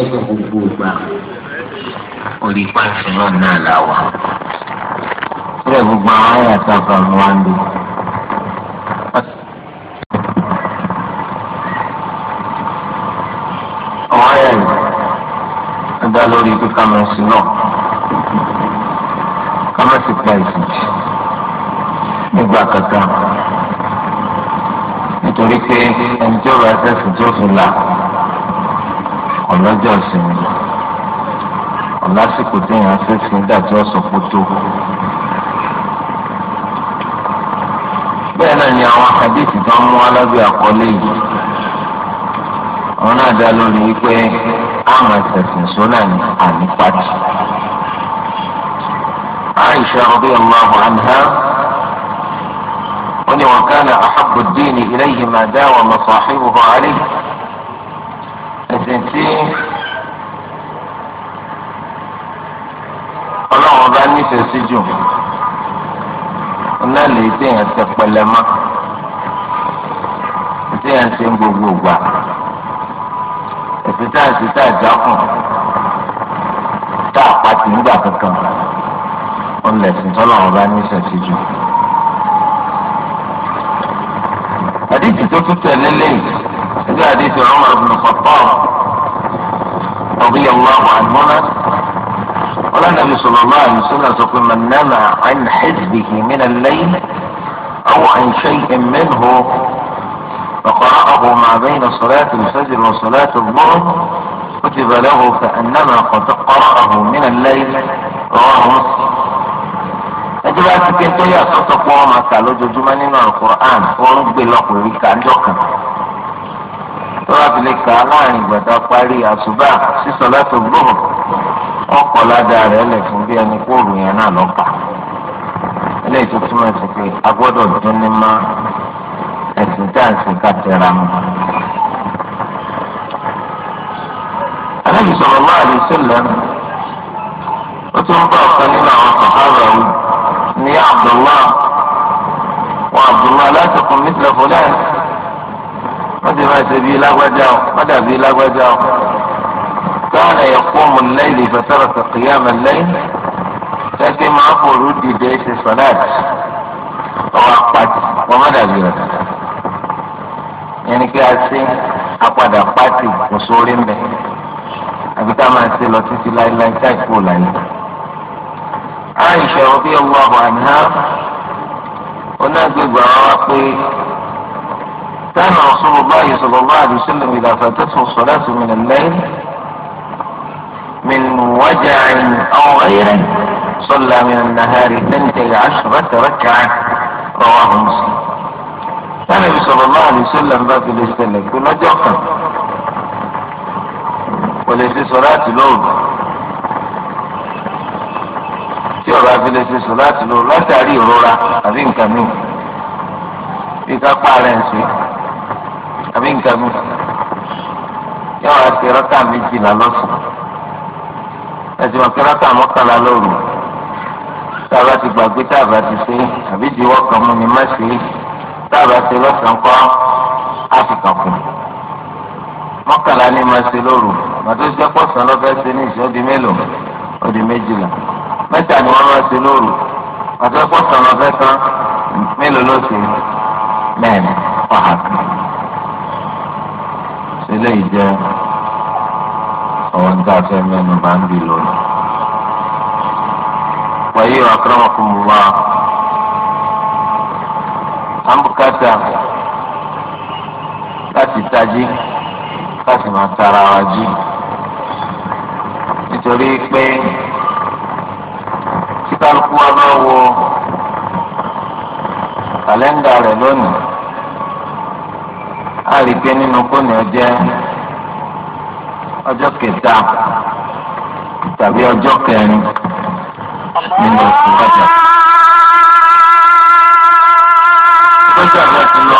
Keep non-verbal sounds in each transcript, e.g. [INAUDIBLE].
ẹgbẹ́ gbogbo gbà orí pàṣẹ náà náà là wà. Ṣé gbogbo àwọn ayé àtàkùn àwọn wa ń lò? Àwọn ayé yìí ń dá lórí pé ká náà. Ká pa ìsìnkú nígbà kankan. Nítorí pé ẹni tí ó bá ṣẹ̀sìn tó fi là ọlọ́jọ́ ìsinmi ọ̀lásìkò téèyàn fẹ́ fi dájọ́ sọ̀pọ̀ tó. bẹ́ẹ̀ náà ni àwọn àkàdéètì tó ń mú alábẹ́ àkọlé yìí àwọn náà dá lórí wípé àwọn ẹ̀sẹ̀sìn sọ́nà ní àmì pàtì. عائشة رضي الله عنها ولو كان أحب الدين إليه ما داوم صاحبه عليه ṣe sí jù ọ̀nà lè téèyàn ṣe pẹlẹmọ́ téèyàn ṣe ń gbogbo gbà ètò tá à ń ṣe tá à jákùn tá à pàtì nígbà kankan ọ̀nà lẹ̀sìn tọ́lọ̀ ọ̀rọ̀ bá ní ìṣẹ̀ṣẹ̀ jù. àdìsí tó tún tẹ̀lé lẹ́yìn ẹgbẹ́ àdìsí ọ̀rọ̀ màá fi nù pàpọ̀ ọ̀gbìn yẹn àwọn àgbọ̀n náà. قال النبي صلى الله عليه وسلم تقول من نام عن حزبه من الليل او عن شيء منه فقرأه ما بين صلاة الفجر وصلاة الظهر كتب له فانما قد قرأه من الليل رواه مسلم. انت بقى تكون يا صوت قوما قالوا جزمان القرآن ورب الله ويك عندك. تراب لك على ان بدا يا صباح في صلاة الظهر ọkọ̀ ládàá lè fún bí ẹni yẹn náà eléyìí tó túmọ̀ sí pé a gbọ́dọ̀ dín ní má ẹ̀sìn tá à ń sìn ká tẹ̀ra mọ́. alábìsọ̀ ọ̀la àdìsí lẹ́nu ó tún bá ọ̀kan nínú àwọn ní wọn láti kún mítìlẹ̀ wọ́n ti ṣe bíi lágbájá wọ́n dàbí كان يقوم الليل فترك قيام الليل لكن ما أقول ودي جيش الصلاة وأقعد وماذا بيرد يعني كأسي أقعد أقعد وصولين به àbí ká máa ṣe lọ títí láéláé táì kú láyé. Aisha radiyallahu anha onágbègbè àwọn wa pé táwọn Rasulullahi sallallahu alaihi wasallam ìdàfẹ́ tó sọ̀rọ̀ láti mìíràn lẹ́yìn. رجع أو غيره صلى من النهار ثنتي عشرة ركعة رواه مسلم النبي صلى الله عليه وسلم بقى في الاستنى كل جوكا وليس صلاة الأولى tí ọ̀rọ̀ abẹ́lẹ̀ صلاة الأولى láti lò látàrí ìrora àbí nǹkan mi bí kápá rẹ̀ ń ṣe àbí nǹkan mi yóò wá ẹtì máa kẹ́rẹ́ ká mọ́kànlá lóru tá a bá ti gbàgbé tá a bá ti ṣe àbí ìdíwọ́ kan mú ni má ṣe tá a bá ṣe lọ́sàn-án kọ́ á fi kàn kù mọ́kànlá ni máa ṣe lóru màtó jẹ́ pọ̀sán lọ́fẹ́ ṣe ní ìṣọ́dí mélòó ọdí méjìlá mẹ́ta ni wọ́n máa ṣe lóru màtó pọ̀sán lọ́fẹ́ kan mélòó ló ṣe mẹ́rin pàákì ṣe lè jẹ́ ọ̀hún tá a fẹ́ mẹ́nu bá ń bì lónìí wàyí wa akramakumullah àmbùkátà láti tají láti máa tara wa jí nítorí pé tí kálukú wa bá wo kàlẹ́ndà rẹ̀ lónìí a rí pé nínú kóni ọjẹ́ ọjọ́ kẹta nínú oṣù rọjà. lọ́jọ́ àná ti lọ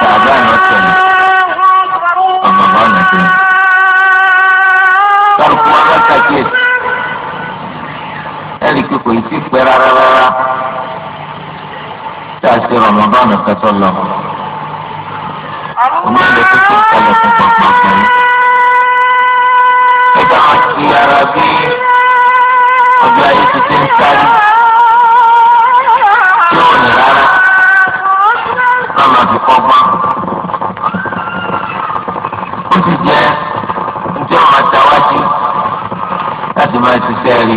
bàbá àná tẹ̀lé àmàmà àná tẹ̀lé. kálukú wa bá ṣàkíyèsí ẹnì kíkọ yìí ti pẹ́ rárá rárá tá a ṣe rọmọbánu kẹtọ lọ. Omi ẹ̀dẹ̀ tó tó kalẹ̀ fún pàpàpà yìí. Ẹ̀dá wọn ti ara bíi ọjọ́ ayé ti ti ń sáré tí ò ní rárá lọ́nà ti kọ́gbọ́n. ó sì jẹ́ ǹjẹ́ ọmọ àtàwájú láti máa ṣiṣẹ́ rí.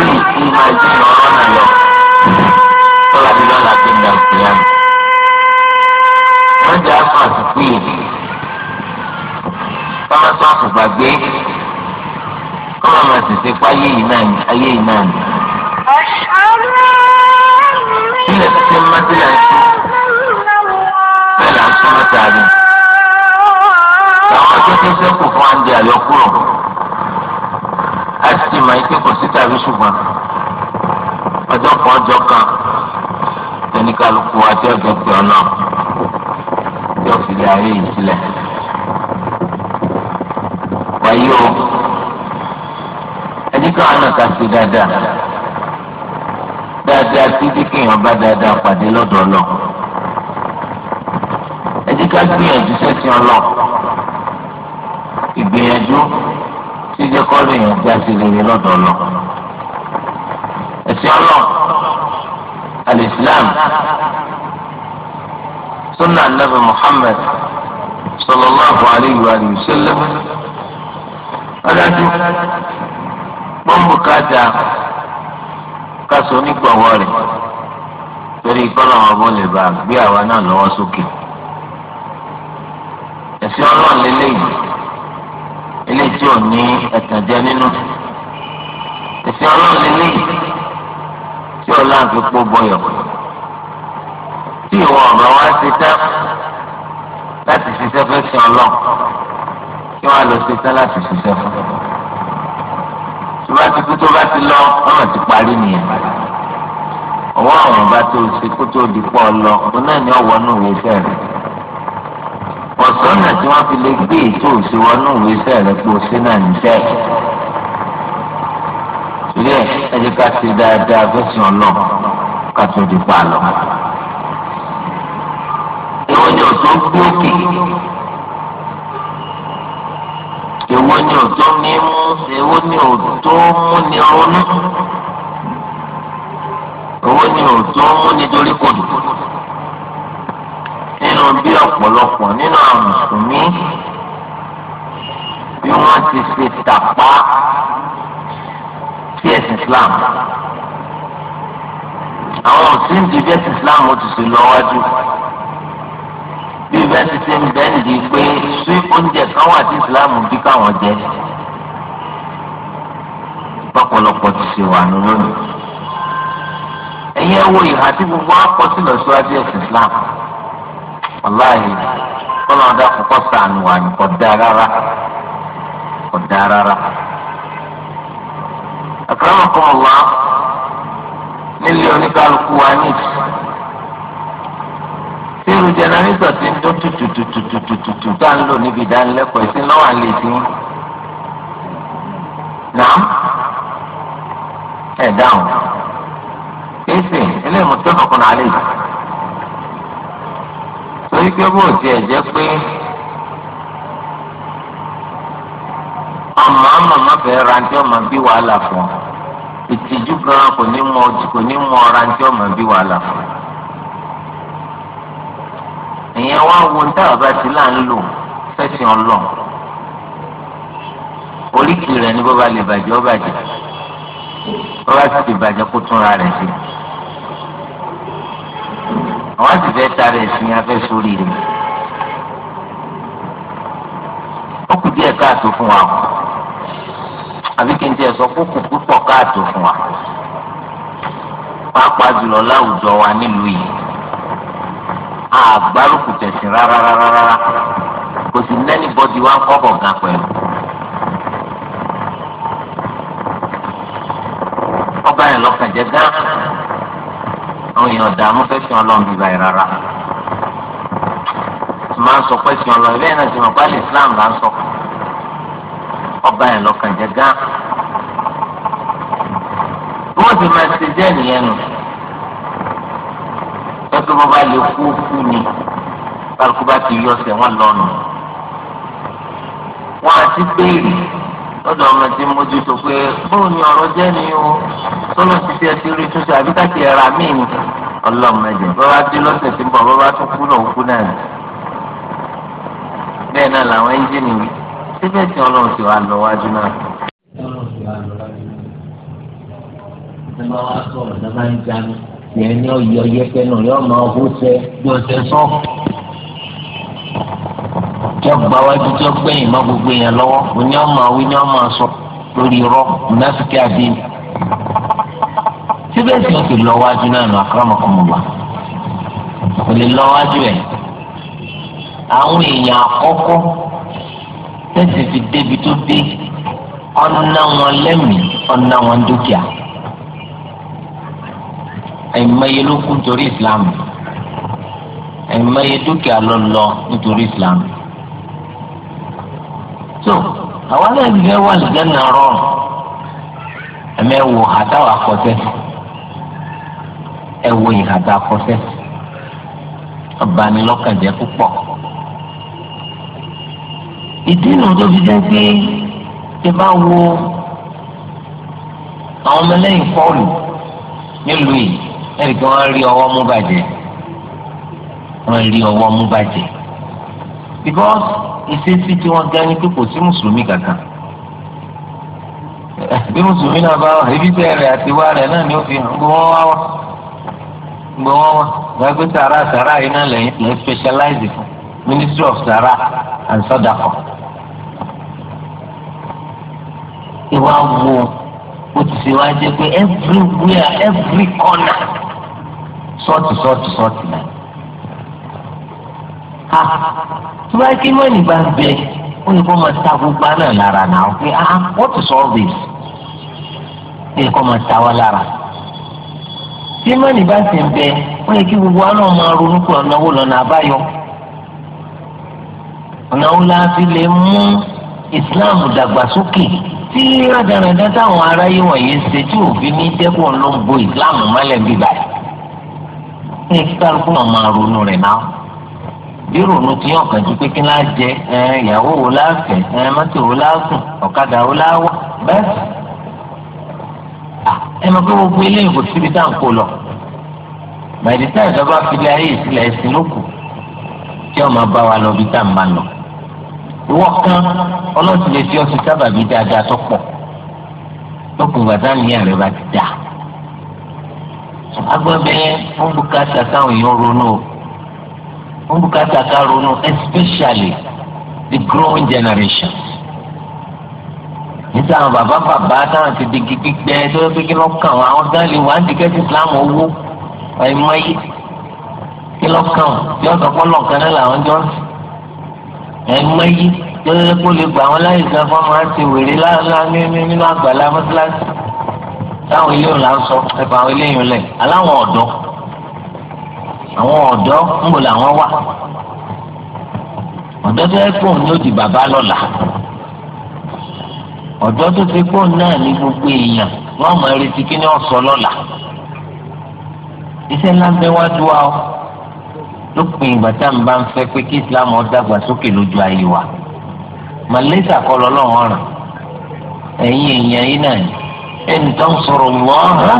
ilé ìsìn máa jẹ́ ọ̀rọ̀ náà lọ. tọ́lá ti lọ́la ti ń da òkèèyà mi. wọ́n jẹ́ àpò àtúkú yìí. tọ́lá tó sì ṣe pé ayé yìí náà ni ayé yìí náà ni. ilẹ̀ tí ń mọ́tí là ń ṣe bẹ́ẹ̀ là ń sún mọ́tí àárín. àwọn ọjọ́ tó sẹ́kù fún àǹdí àyọkúrò láti ti ike kò sí tàbí ṣùgbọ́n ọjọ́ kan ọjọ́ kan ẹnìkálukú àti ọjọ́ pé ọ̀nà yóò fi ayé yìí sílẹ̀. wáyé o káwọn náà ká ṣe dáadáa dáadáa títí kéèyàn bá dáadáa pàdé lọ́dọ̀ lọ. ẹ jẹ́ ká gbìyànjú sẹ́sìn ọlọ́ ìgbìyànjú tí jẹ́ kọ́ lè yàn já sí rere lọ́dọ̀ lọ. ẹ̀sìn ọlọ́ alìsílám sunna anabi muhammed sallallahu alayhi wa sallam adájú dáa káṣọ onígbọ̀wọ́ rẹ̀ torí kọ́lọ́wọ́ bó lè bá gbé àwa náà lọ́wọ́ sókè. ẹ̀sìn ọlọ́run lélẹ́yìí eléyìí tí ò ní ẹ̀tànjẹ nínú. ẹ̀sìn ọlọ́run lélẹ́yìí tí ò láǹfi pó bọyọ̀. tí ìwọ ọ̀rọ̀ wá ti tẹ́ láti ṣiṣẹ́ fẹ́ sin ọlọ́run kí wọ́n á lọ ṣiṣẹ́ láti ṣiṣẹ́ fún un kú tó bá ti lọ ọ̀nà ti parí nìyẹn ọwọ́ àwọn bá tó ṣe kó tó di pọ̀ lọ òun náà ni ọ̀wọ́ nù wí sẹ́rẹ̀ ọ̀sọ́nà tí wọ́n fi lè gbé ètò òṣèwọ́ nù wí sẹ́rẹ̀ pé òṣè náà ń jẹ́ ilé ẹ̀jẹ̀ ká ti dáadáa fẹ́sùn ọ̀nà ká tó di pa lọ. ìwọ́n yóò gbókè èwo ni òótọ́ ní mú èwo ni òótọ́ mú ní ronú èwo ni òótọ́ mú nítorí kò dùn nínú bí ọ̀pọ̀lọpọ̀ nínú àwọn mùsùlùmí bí wọ́n ti ṣe tàpá sí ẹ̀sìn Islam àwọn òsín ti bí ẹ̀sìn Islam ó ti ṣe lọ wájú bí bẹ́ẹ̀ ti ṣe ń bẹ́ẹ̀ di pé sí oúnjẹ kan wà tí ìsìláàmù bí káwọn jẹ pọ̀pọ̀lọpọ̀ ti ṣe wà lónìí ẹ̀yin ẹ wo ìhà tí gbogbo akọ sílẹ̀ síwájú ẹ̀sìn islam wàláhì kọ́lọ́dà kọ́kọ́ sànù wà ní kò dáa rárá kò dáa rárá. àkàrà kọ́ ọ̀la nílé oníkálukú wa ní ìsìn jẹnẹrétọ̀ ti ń dún tututututututu tá à ń lò níbi ìdánilẹ́kọ̀ọ́ ẹ̀sìn náà wà lè dín náà ẹ̀ dáhùn kéésì eléyìí mo tọ́nà kan náà lè yìí torí pé bó tiẹ̀ jẹ́ pé ọmọ àmàmà fẹ́ ra ní ọmọ bí wàhálà fún ọ ìtìjú gan kò ní mọ ọjà ọmọ bí wàhálà fún èèyàn wá wo dáhùn bá ti là ń lò fẹsẹ̀ ọlọ́run oríkì rẹ̀ ní bọ́ba lè bàjẹ́ ó bàjẹ́ bọ́ba sì lè bàjẹ́ kó túnra rẹ̀ sí àwọn àti fẹ́ ta rẹ̀ sí afẹ́ sórí rẹ̀ ó kù díẹ̀ káàtó fún wa àbí kí n tiẹ̀ sọ kó kù púpọ̀ káàtó fún wa pàápàá jùlọ láwùjọ wa nílùú yìí. àgbárùkù tẹ̀sìn rárá rárá rárá kò sì lẹ́ni bọ́dì wá pẹ̀lú. ọba lọ́kàn jẹ́ gán àwọn èèyàn dààmú ọlọ́run bíbá rárá ọlọ́run náà ti mọ̀ Islam là ń sọ ọba lọ́kàn jẹ́ gán. wọ́n ti máa tó bá lè kú kú ni kálukú bá ti yọ ọsẹ wọn lọnà wọn àti béèrè lọ́dọ̀ ọmọ tí mójútó pé bóun ni ọ̀rọ̀ jẹ́ ni o tọ́lọ́ ti tiẹ̀ ti rí túnṣe àbí káàkì ẹ̀rà míì ni ọlọ́mọdé bàbá tí lọ́sẹ̀ tí ń bọ̀ bàbá tó kú náà kú náà ni bẹ́ẹ̀ náà làwọn ẹ́ńjìnì wí síbẹ̀ tí ọlọ́run ti wà lọ wájú náà. ọlọ́run ti wà lọ wájú náà. ìjọba wa sọ̀rọ̀ ìjọba ń jáde tiẹ̀ ní ọ̀yọ́ yẹpẹ́ náà yọ máa hó sẹ bí ọ̀sẹ̀ sọ. jọ gba wájú jọ gbẹ̀yìn má gbogbo èèyàn lọ́wọ́ òní ọmọ àwí ni ọmọ sọ lórí irọ́ mùnáfíkì àdéhùn. síbẹ̀ sì ń fi lọ wájú náà nù àkàràmọ̀kọ̀mọ̀gbà kò lè lọ wájú ẹ̀. àwọn èèyàn àkọ́kọ́ tẹ̀sí fi débi tó dé ọ̀nà wọn lẹ́mìí ọ̀nà wọn dúkìá àìmọye ló kú nítorí islam àìmọye dúkìá ló lọ nítorí islam so àwa náà ti fẹ́ wà lẹ́yìn náà rọrùn ẹ̀mẹ́ wò àtàwọn akọ́sẹ́ ẹ̀ wò ìhàtà akọ́sẹ́ ọ̀bánilọ́kànjẹ́ púpọ̀ ìdí nu tó fi jẹ́ pé tí bá wo àwọn ọmọ lẹ́yìn pọ́ọ̀lù nílùú yìí ẹnìkan wọn rí ọwọ́ mú bàjẹ́ wọn rí ọwọ́ mú bàjẹ́ because ìṣesí tí wọ́n gán ní pé kò sí mùsùlùmí kankan bí mùsùlùmí náà bá wà ibi tẹ́ rẹ̀ àti wá rẹ̀ náà ni ó fi hàn gbọ́ wọ́n wá wá gbọ́ wọ́n wá wọ́n sàrà sàrà yìí náà lẹ́yìn lẹ́yìn specialize fún ministry of sàrà and sadaqa ìwà wo ó ti ṣe wá jẹ́ pé everywhere every corner sọ́ọ̀tì sọ́ọ̀tì sọ́ọ̀tì náà. a tí wọ́n á kí mọ́ni bá ń bẹ ó ní kó máa ta gbogbo àná lára náà pé ah, ah what is all this? ní kó máa ta wá lára. tí mọ́ni bá ti ń bẹ ó yẹ kí gbogbo àná máa ronú pé ọ̀nà wo lọ́nà àbáyọ. ọ̀nà wo la fi lè mú Islam dàgbàsókè tí rádaràdá táwọn aráyé wọ̀nyí ṣe tí òfin ní dẹ́kun ló ń bo islam mọ́lẹ̀ bíbá yìí ní kíkálukú náà máa ronú rẹ̀ náà bí ronú ti yàn kàn ju pé kí n láá jẹ ìyàwó wo láàfẹ mọ́tò wo láàkùn ọ̀kadà wo láwà bẹ́ẹ̀ ẹ máa pé gbogbo eléyìí kò síbi tá à ń kó lọ màdìtá ìjọba filẹ̀ ayé ìsìlẹ̀ ẹ̀sìn lókù tí wọ́n máa bá wa lọ bí tá à ń bá lọ ìwọ kan ọlọ́sìn lè fi ọsùn sábàbí dáadáa tó pọ̀ lókun bàtà ní ààrẹ bá ti dà. agbọ́bẹ̀ ń bùkátà káwọn èèyàn ronú o ń ká ronú especially the growing generation. níta àwọn bàbá bàbá táwọn ti di gbígbẹ́ tó yẹ kí wọ́n kàn wọ́n àwọn gáàlì wà á dìgẹ́ sí Islam owó ẹ̀mọ́yé kí wọ́n kàn wọ́n yọ̀ọ́ sọ pé lọ́ọ̀kan náà làwọn jọ ń sìn ẹ̀ẹ́mọ́ yìí lọ́yẹ́ kó lè gbà wọ́n láyé gan fún ọmọ àti wèrè láńlá nínú àgbàlá mọ́tíláṣí táwọn ilé òun là ń sọ ẹ̀fọ́ àwọn ilé yìí lẹ̀ aláwọn ọ̀dọ́ àwọn ọ̀dọ́ ń bò làwọn wà ọ̀dọ́ tó yẹ kó òun yóò di bàbá lọ́la ọ̀dọ́ tó ti kó náà ní gbogbo èèyàn wọ́n mọ̀ ẹ́ retí kí ni ọ̀sọ́ lọ́la iṣẹ́ ńlá ń bẹ wá dúwà ọ́ lópin ìgbà tá à ń bá ń fẹ́ pé kí islam ó dàgbà sókè lójú ayé wa malaysia kọ́ lọ́lọ́run ọ̀ràn ẹ̀yin èèyàn yín náà ẹni tó ń sọ̀rọ̀ lọ́ọ̀rọ̀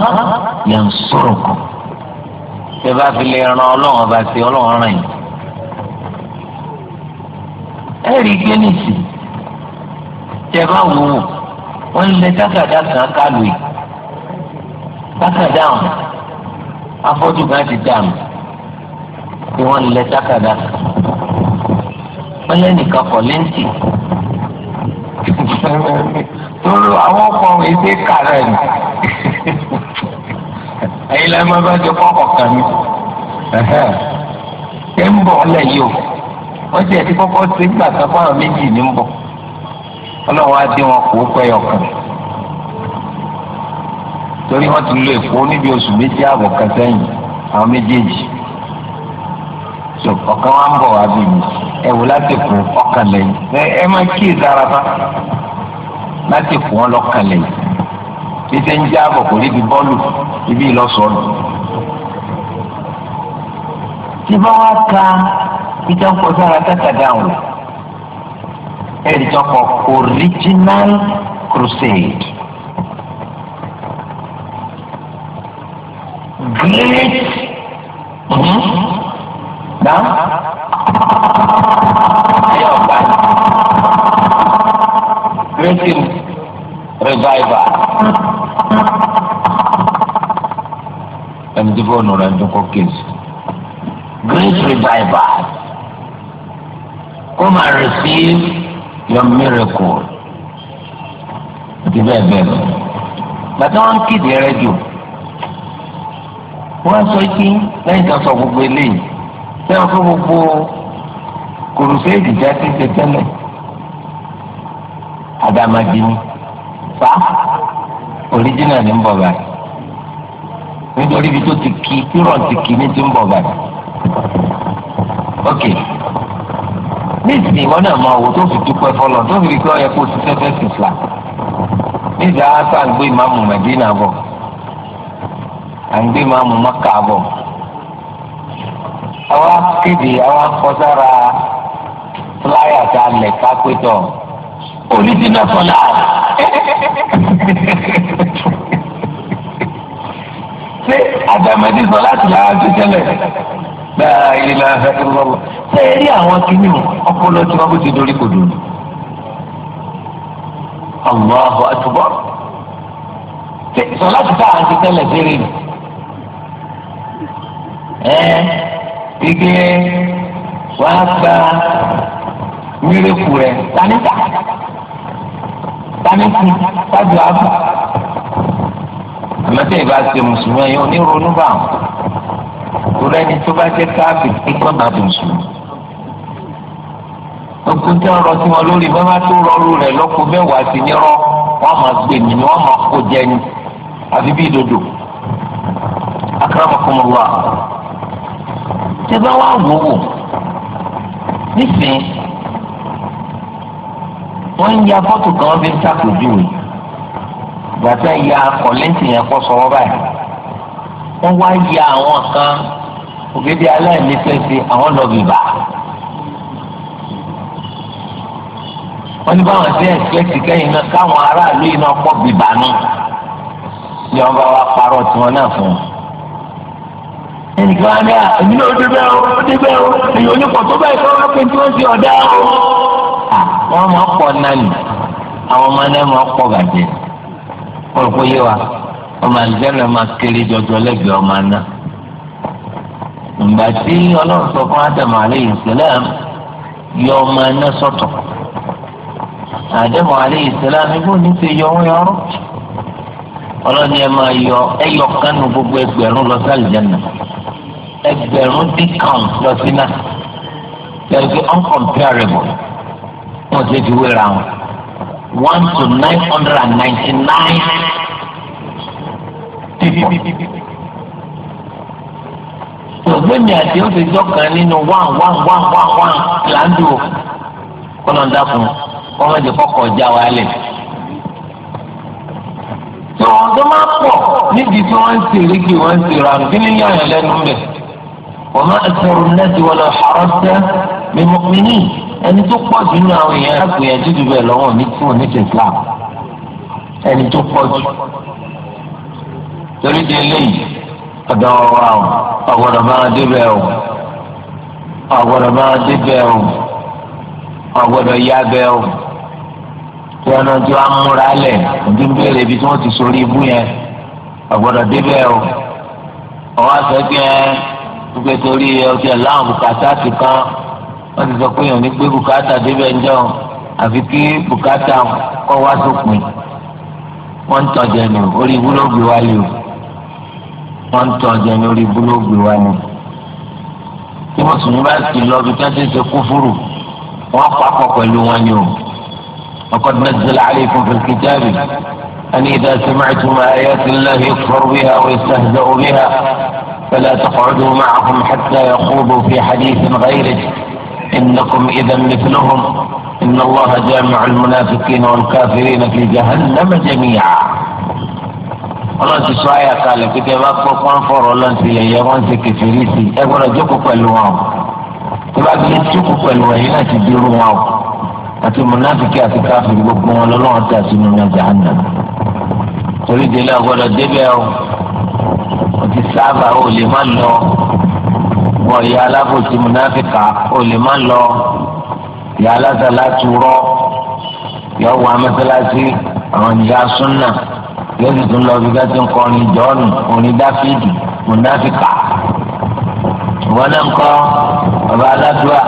yẹn ń sọ̀rọ̀ kàn tẹ bá fi lè ran ọlọ́run ọba sí ọlọ́run ràn yín ẹ̀rí gẹ́nìsì tẹ bá wò ó wọ́n lé tákàdá kan kálù yìí tákàdá ọ̀hún afọ́jú kan ti dààmú tí wọ́n lẹ sákàdá wọ́n lé nìkan kọ̀ lẹ́ǹtì lórí [LAUGHS] àwọn ọkọ̀ èdè kàrẹ́ ni [LAUGHS] ẹ̀yin lẹ́yìn máa bá jọ kọ́kọ̀ kan mi ẹ̀ [LAUGHS] ń bọ̀ ọ́lẹ̀ yìí o wọ́n ti ẹ̀dí kọ́kọ́ sí gbà kan fáwọn méjì ní ń bọ̀ ọlọ́wọ́ á dé wọn kó pẹ́yọ kan torí wọ́n ti lo èkó níbi oṣù méjì ààbọ̀ kan sẹ́yìn àwọn méjèèjì so ọ̀kan wa ń bọ̀ wá bí mi ẹ wò láti kù ọkàn lẹ́yìn ẹ máa kí ìdára bá láti kù wọn lọ́kàn lẹ́yìn títí ń jábọ̀ kò níbi bọ́ọ̀lù ibi ìlọsọ̀ọ́nù. tí bá wá ka ìjọpọ̀ sára kàkàdá wọn ẹ̀rí jọpọ̀ original crusade. great. Mm-hmm. inú rẹ̀ ń kéésì. great revival come and receive your miracle àti bẹ́ẹ̀ bẹ́ẹ̀ lọ. bàtà wọn kéde rẹ́díò wọ́n sọ kí lẹ́yìn tó sọ gbogbo eléyìí sẹ́wọ́n fún gbogbo kòròsẹ́ẹ̀dì jáde ṣe tẹ́lẹ̀ àdàmàdì ni fa original ní ń bọ̀ báyìí nítorí ibi tó ti kí kúrọ̀ ti kí ní ti ń bọ̀ báyìí. ok nísìnyí wọn náà máa wò tó fi dúpẹ́ fọlọ́ tó fi rí pé ọyẹ kó ṣiṣẹ́ fẹ́ sì fìlà nígbà tá à ń gbé ìmáàmù Mẹ̀dínà bọ̀ à ń gbé ìmáàmù Mọ́kà bọ̀ àwa kéde àwa kọ sára fúláyà tá a lẹ̀ ká pé tọ̀ òní fọlá. [LAUGHS] àgàmọ̀dé sọ láti là á ti tẹ́lẹ̀ báyà ilé afẹ́ kí ló lọ́wọ́ ṣé eré àwọn kìíní ọpọlọ tí wọ́n bó ti dorí kodò ni. Allahu Akbar sọ láti tá à ń ti tẹ́lẹ̀ fèrè ni. ẹ igi wàá gba mírèkù rẹ tanita taniti tábìlì àbọ̀ àmọ́ tí ìbá ṣe mùsùlùmí ẹ̀yìn onírúurú bá wọn torí ẹni tó bá jẹ́ káàbì nígbà máa dùn sùn. ogun tí wọ́n rọ sí wọn lórí bá bá tó rọrù rẹ̀ lọ́kùn mẹ́wàá sí nírọ́ wọ́n máa gbè mí ni wọ́n máa kó jẹ ni àfi bí ìdodo. akramakumullah tí bá wà wò wò nísìnyí wọ́n ń ya fọ́tò kan wọ́n fi ń sàkójú rẹ̀ gbàtà ya kọ̀lẹ́ǹtì yẹn kọ́ sọ̀rọ̀ báyìí wọ́n wá ya àwọn kan ògidì aláìníṣẹ́sí àwọn lọ bìbà wọ́n ní báwọn ṣe ẹ̀sìkẹ́sì kẹ́yìn náà káwọn aráàlú yìí náà pọ̀ bìbà nù ni wọ́n bá wa parọ́ tiwọn náà fún un ẹnìkan á ní àmì náà ó débẹ̀ ó débẹ̀ ó èyàn onípọ̀ tó báyìí kọ́ wá pé tí wọ́n ti ọ̀dá ó. wọ́n máa pọ̀ náà àwọn ọmọ náà máa pọ̀ bàjẹ́ wọn kò yé wa ọmọ àlùjẹ́nà máa kéré jọjọ lẹ́gbẹ̀ẹ́ ọmọ aná. ìgbà tí ọlọ́run sọ fún ádámù alayhi salam yọ ọmọ aná sọ̀tọ̀ ádámù alayhi salam ibò ní ti yọ wọn yọrọ ọlọ́ni ẹ máa yọ ẹyọ kánú gbogbo ẹgbẹ̀rún lọ sí àlùjẹ́nà ẹgbẹ̀rún díkàn lọ sí náà yẹ kí uncomparable wọn ti fi wéra wọn one to nine hundred and ninety-nine people. Ògbémi àti òfìjọ́ kan nínú wán wán wán wán wán làǹdù kọ́nà dákun kọ́mọ́dé kọ́kọ́ já wa lẹ̀. Sọ̀rọ̀ tó máa pọ̀ nídìí tí wọ́n ń ṣèrè kí wọ́n ń ṣèrè àrùn kí ní yàrá lẹ́nu rẹ̀. Wọ́n máa ń sọ̀rọ̀ nẹ́ẹ̀tì wọlé ọ̀hárọ́tẹ́ mímú mi níyì ẹni tó pọ̀ jù nínú àwọn èèyàn agbèyànjú jù bẹ́ẹ̀ lọ́wọ́ ní fún ní islam ẹni tó pọ̀ jù torí di eléyìí ọ̀dọ̀ wa o ọ̀gbọ̀dọ̀ máa débẹ̀ o ọ̀gbọ̀dọ̀ máa débẹ̀ o ọ̀gbọ̀dọ̀ yábẹ̀ o tí wọn náà tí wọn múra lẹ̀ ọdún béèrè ibi tí wọ́n ti sori ibú yẹn ọ̀gbọ̀dọ̀ débẹ̀ o ọwọ́ àtẹ̀kẹ́ ẹ gbẹ̀torí ọtí ẹ̀ láwọn bùkátà ti kan. wọ́n ti sọ pé èèyàn ní gbé bùkátà débẹ̀ ń jọ àfi kí bùkátà kọ́ wá sópin wọ́n ń tọ́jà ní orí búlọ́ọ̀gì wa lè o wọ́n ń tọ́jà ní orí búlọ́ọ̀gì wa lè tí mùsùlùmí bá sì lọ bí tí wọ́n ti ń ṣe kúfúrù wọ́n papọ̀ pẹ̀lú wọn ni o وقد نزل عليكم في الكتاب أن إذا سمعتم آيات الله يكفر بها ويستهزأ بها فلا تقعدوا معهم حتى يخوضوا في حديث غيره إنكم إذا مثلهم إن الله جامع المنافقين والكافرين في جهنم جميعا ọlọ́run ti sọ àyà kalẹ̀ pé kẹ́ ẹ bá gbọ́ pọ́n fọ̀rọ̀ ọlọ́run ti yẹ̀yẹ́ wọ́n ti kẹfìrí sí ẹ gbọ́dọ̀ jókòó pẹ̀lú wọn o tó bá gbé jókòó pẹ̀lú wọn yìí náà ti dúró wọn o àti mùnáfíkì àti káfíìrì gbogbo wọn lọ́lọ́run tà sínú náà jahannam torí délé ọgbọ́dọ̀ débẹ̀ o ó ti sábà ó lè má lọ wọ ìyá alábòsí múnáfíkà ó lè má lọ ìyá alásàlá tu rọ yọ wọ amẹsàlásí àwọn ìyá súnà yóò sì tún lọ bí ká ti ń kọrin jọ́ọ̀nù orin dáfídì múnáfíkà ìwọ náà ń kọ bàbá aládùá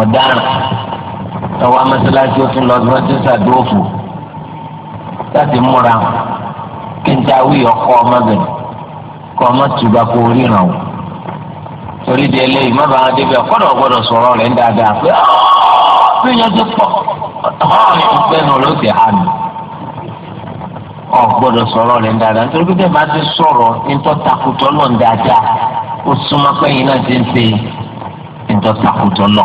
ọ̀daràn ọwọ́ amẹsàlásí ó tún lọ bí wọ́n ti ń sàdóòfò láti múra kí n ta wí ọkọ ọmọbìnrin kọ ọmọ tùbà kó ríran o torí di eléyìí má bàa débi ọ̀kọ́dọ̀ gbọ́dọ̀ sọ̀rọ̀ rẹ̀ ń dáadáa pé ah, bí yẹn ti pọ̀ ọ̀hún ah, ìgbẹ́nu ló ti hà mí. ọ̀ gbọ́dọ̀ sọ̀rọ̀ rẹ̀ ń dáadáa nítorí pé bẹ́ẹ̀ bá ti sọ̀rọ̀ nítọ́ takùtọ̀ lọ ń dáadáa ó súnmọ́ pẹ́yìn náà ti ń ṣe nítọ́ takùtọ̀ lọ.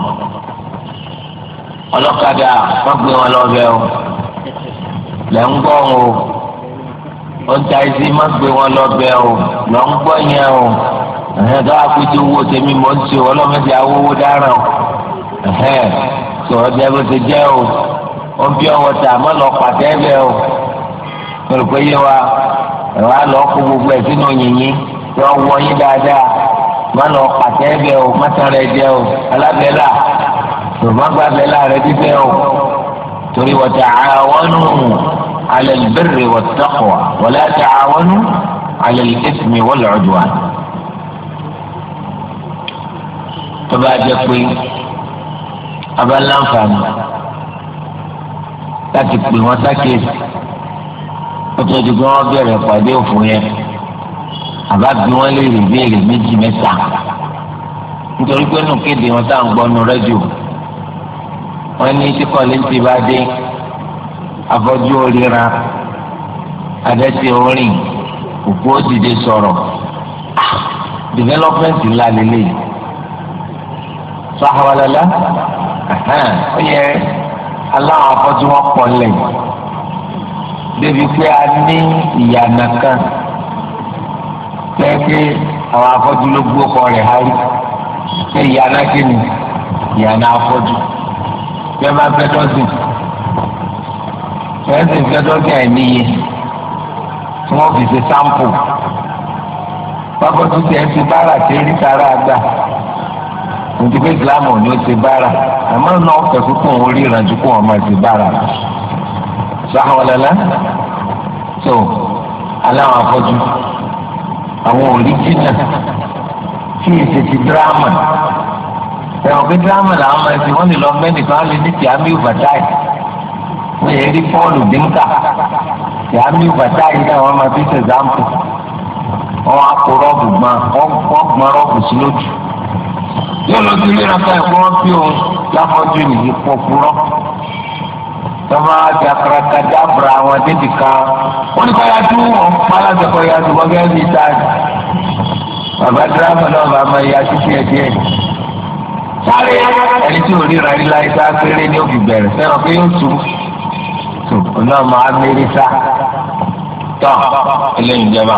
ọlọ́kadà wọ́n gbé wọn lọ́bẹ̀ o lẹ́ ń gbọ́ o ó ń ta ẹsẹ̀ má gbé wọn lọ́bẹ̀ o lọ́ ń gbọ́ yẹn o ẹ̀hẹ́n tó wá pété owó tèmi mọ̀ ń ṣe ọlọ́mọdé awówó dára o ẹ̀hẹ́n tó ọjọ́ bó ti jẹ́ o ó ń bí ọwọ́ tà mọ́ lọ pàtẹ́ ẹ̀bẹ̀ o pẹ̀lú pé yé wa ẹ̀rọ àlọ́ kó gbogbo ẹ̀ sínú yìnyín tó wọ́ yín dáadáa mọ́ lọ pàtẹ́ ẹ̀bẹ̀ o mọ́tàrà ẹ̀jẹ̀ o alábẹ́là tòmágbàbẹ́là rẹ̀ bíbẹ́ o torí wọ́n ti àwọn على البر والتقوى ولا تعاونوا على الإثم والعدوان tó bá jẹ́ pé abáláǹfààní láti pè wọ́n sákèésì ó tó di pé wọ́n bẹ̀rẹ̀ pàdé òfò yẹn àbá bí wọ́n lè rí béèrè méjì mẹ́ta nítorí pé nù kéde wọn tá à ń gbọ́ nu rẹ́díò wọ́n ní tí kọ́lé ti bá dé afọ́jú oríra adẹ́sẹ̀ orin òkú ó sọ̀rọ̀ ah, development ńlá lélẹ́yìí sọ́hàwálálá ó yẹ aláwọ̀ afọ́jú wọn pọ̀ lẹ̀ débi pé a ní ìyànà kan pẹ́ẹ́pẹ́ àwọn afọ́jú ló gbó kọ rẹ̀ hárí pé ìyànà kíni ìyànà afọ́jú pé máa fẹ́ dọ́sìn pé ẹ̀sìn fẹ́ dọ́sìn àìníye tí wọ́n fi ṣe sáǹpù pápákọ̀ tẹ̀ ẹ́ ti bára tẹ́ ẹ́ ní sára àgbà nítorí pé islam ò ní ó ti bára àmọ́ náà kẹ̀kọ́ kó òun ríran ju kó òun máa ti bára sáwọn lẹ́la tó aláwọ̀ afọ́jú àwọn òríjìnà tí èsì ti dírámà ẹ̀wọ̀n pé dírámà làwọn máa ti wọ́n lè lọ mẹ́ni kan lè ní tìámíù bàtáì wọ́n yẹ rí pọ́ọ̀lù dínkà tìámíù bàtáì náà wọ́n máa fi ṣèzámpù wọ́n á kó rọ́ọ̀bù gbọ́n wọ́n gbọ́n rọ́ọ̀bù sí lójú yóò lọ sí ilé ìrànká ẹ̀kọ́ wọn fi òun láfọ́jú nìyí pọ̀ fúrọ́. tọ́mọ àti akaraka dábra àwọn adéjì kan wọ́n ní kọ́ya tó wọ́n kpala tó kọ́ya tó wọ́n gẹ́gẹ́ bí táàgì. bàbá dírámà náà bá máa ya títí ẹ̀ díẹ̀. sáré ẹni tí ò ríra rí láyé tá a kéré ní òbí bẹ̀rẹ̀ fẹ́ràn pé yóò tu tù náà máa mérí sá. tọ́ eléyìí jẹ́ bá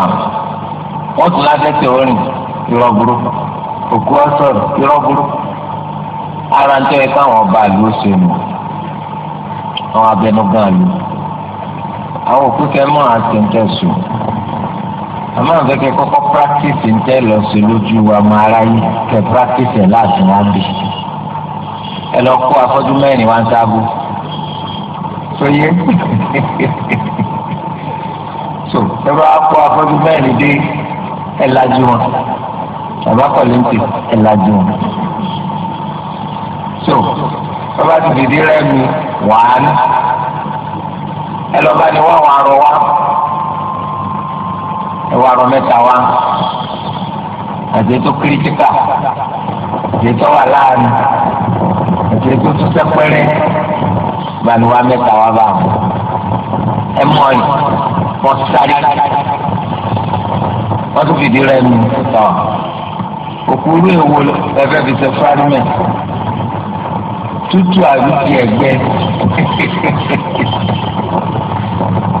wọ́n tún láti ẹ̀ òkú ọ̀sọ̀rọ̀ irọ́ burúkú ara ń tẹ́ káwọn ọba àlù ó ṣe nù àwọn abẹnugan àlù àwọn òkú tẹ mọ́ àti ntẹ́ sùn àmọ́ àwọn kẹ́kẹ́ kọ́kọ́ practice ntẹ́ lọ sí lójú àmọ́ ara yìí kẹ́ practice ẹ̀ láti wá bì ẹ lọ kó afọ́jú mẹ́rin wá ń sábò sóyè [LAUGHS] so ẹ bá kó afọ́jú mẹ́rin dé ẹ lajú wọn bàbá kọ̀lẹ́ǹtì ẹ̀làjù so bàbá ti dìde rẹ́mi wàán ẹlọ́ba ni wọ́n wà rọ wá ẹwà rọ mẹ́ta wá àti ètò kírítíkà àti ètò wà láàánú àti ètò tó sẹ́pẹ́rẹ́ gbanuwa mẹ́ta wá bá ẹ mọ ẹ wọ́n sáré wọ́n tún fìdí rẹ́mi tọ́. So, òfurufú èwo ẹ̀fẹ́ fi ṣe fárímẹ̀ tútù àbí ti ẹ̀gbẹ́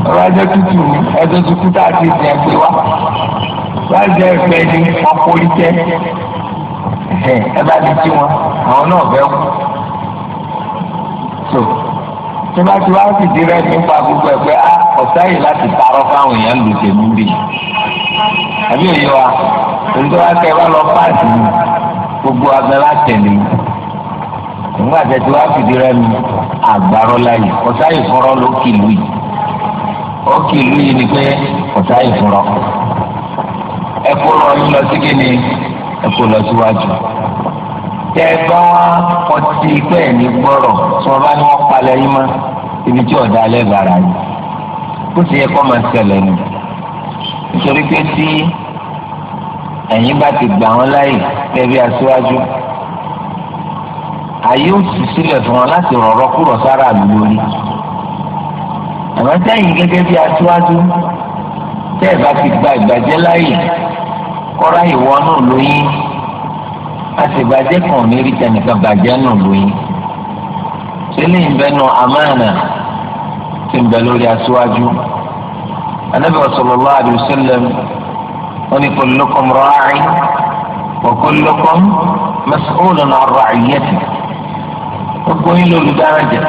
ọba jẹ́ tútù ẹjọ́ tó kú tá a ti tẹ̀ gbé wá wá jẹ́ ẹ̀fẹ́ ní ọpọlí jẹ́ ẹ bá ti tí wọn àwọn náà fẹ́ kú so tí bá ti wá fìdí rẹ nípa gbogbo ẹgbẹ́ a ah, ọ̀sáyè láti parọ́ fáwọn èèyàn lù tèmi bì àbí òye wa. nítorí wá kẹ́ ẹ bá lọ páàsì gbogbo agbẹ́ látẹ̀lé nígbà tẹ̀ tí wá fìdí rẹ mi àgbàrọ láyè ọ̀tá ìfọ̀rọ̀ ló kìlú yìí ó yìí ni pé ọ̀tá ìfọ̀rọ̀ lọ yín lọ sí kíni ẹ lọ síwájú tẹ ẹ bá wá ọtí yín ibi tí ọ̀dà alẹ́ bàrà yìí yẹ kó máa nù nítorí pé ẹ̀yin bá ti gbà wọ́n láyè kẹ́bí aṣíwájú àyè ó sì sílẹ̀ fún wọn láti rọ̀rọ̀ kúrò sára àlù lórí àmọ́ sẹ́yìn gẹ́gẹ́ bí aṣíwájú tẹ́ ẹ̀ bá ti gba ìgbàjẹ́ láyè kọ́ra ìwọ náà lóyún àtìgbàjẹ́ kan ní rí tẹnìkan gbàjẹ́ náà lóyún sílẹ̀ ń bẹnu àmàna ti ń bẹ lórí aṣíwájú anábìyàn sallallahu alaihi wasallam wọ́n ní kullukum ra'in wa kullukum mas'ulun 'an ra'iyyatihi gbogbo yín lólùdárajà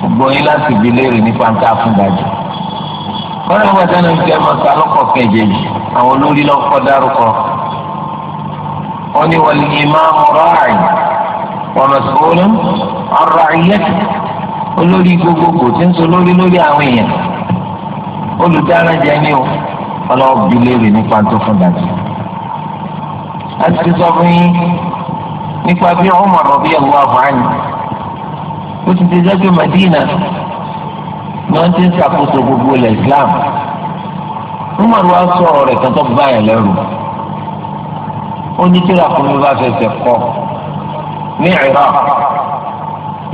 gbogbo yín láti bi léèrè nípa nǹkan àfúndájọ wọ́n ní wọ́n sẹ́nu ti ẹ̀mọ́ ta lọ́kọ̀ kẹjẹjì àwọn olórí lọ́kọ̀ dárúkọ wọ́n ní wal imamu ra'in wa mas'ulun 'an ra'iyyatihi olórí gbogbogbò tí ń sọ lórí lórí àwọn èèyàn olùdárajà ni o ọlọ́wọ́ bi léèrè nípa tó fún dàjú. a ti sọ fún yín nípa bí Umar radiyallahu anhu ó ti ti sẹ́kẹ̀ Madina ni wọ́n ti ń ṣàkóso gbogbo ilẹ̀ Islam Umar wa sọ̀rọ̀ rẹ̀ kẹ́tọ́ báyà lẹ́rù ó ní kí làkúnmí bá fẹsẹ̀ kọ́ ní Iraq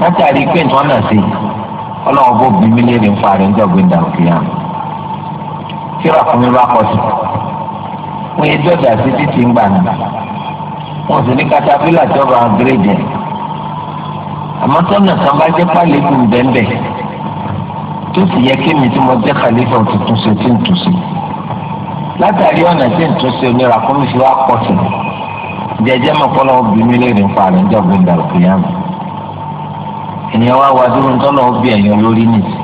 látàrí pé nǹkan náà sí ọlọ́wọ́ bó bí mílíọ̀nù fàárẹ̀ ń dọ̀gbìn dàrú kìíyàmù tí ọkùnrin bá kọ sí wọn yé dọ́jà sí títí ń gbà náà wọn sì ní katapila tí ọba gírèjì àmọ́ tọ́nà kan bá jẹ́ pálíkù bẹ́ẹ̀bẹ́ẹ̀ tó sì yẹ kémi tí mo jẹ́ kàlífà òtútù ṣe tí ń tù sí látàrí ọ̀nà tí ń tù sí onírà kó mi fi wá pọ̀ sí jẹjẹ́ mọ̀ kọ́lọ́ obìnrin léèrè ń pa àrẹ̀ ń jọ̀gbìn dàrú kìlíàmù ènìyàn wá wá dúró ń tọ́nà ó bí ẹ̀yàn lórí nìyí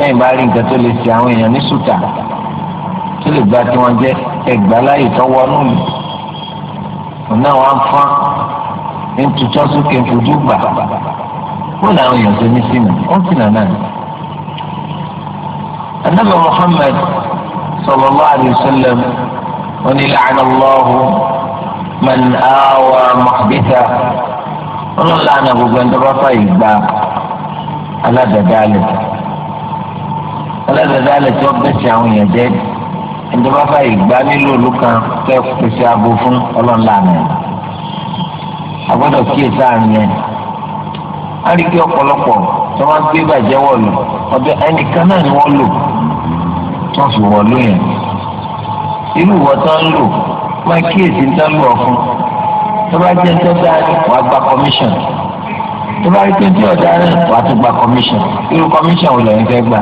lẹ́yìn bá rí nǹkan tó lè ṣe àwọn èèyàn ní sùtà tó lè gba tí wọ́n jẹ́ ẹgbà láyè tọ́wọ́ nù mí ọ̀nà wọn fọ́n ń tutọ́ sókè fojú gbà wọn làwọn èèyàn tó ní sínú ó sì nà náà. النبي محمد صلى الله عليه وسلم وللعن الله من آوى محدثا وللعن أبو بندر فإذا ألا دلالة aládàáda tí wọ́n bẹ̀sẹ̀ àwọn èèyàn jẹ́ ìjọba báyìí gbá nílò òlu kan kẹ́ pèsè abo fún ọlọ́ọ̀la mi a gbọ́dọ̀ kíyè sáàrin yẹn a rí i pé ọ̀pọ̀lọpọ̀ tí wọ́n gbé bàjẹ́ wọ̀lù ọ̀dọ̀ ẹnìkan náà ni wọ́n lò tí wọ́n fi wọ̀lú yẹn irú ìwọ tó ń lò máa kíyèsí ń tán lò ọ fún tó bá jẹ́ tó dáa wàá gba commission tó bá rí pé tí ọ̀daràn wàá irú commission wo lẹ́yìn fẹ́ gbà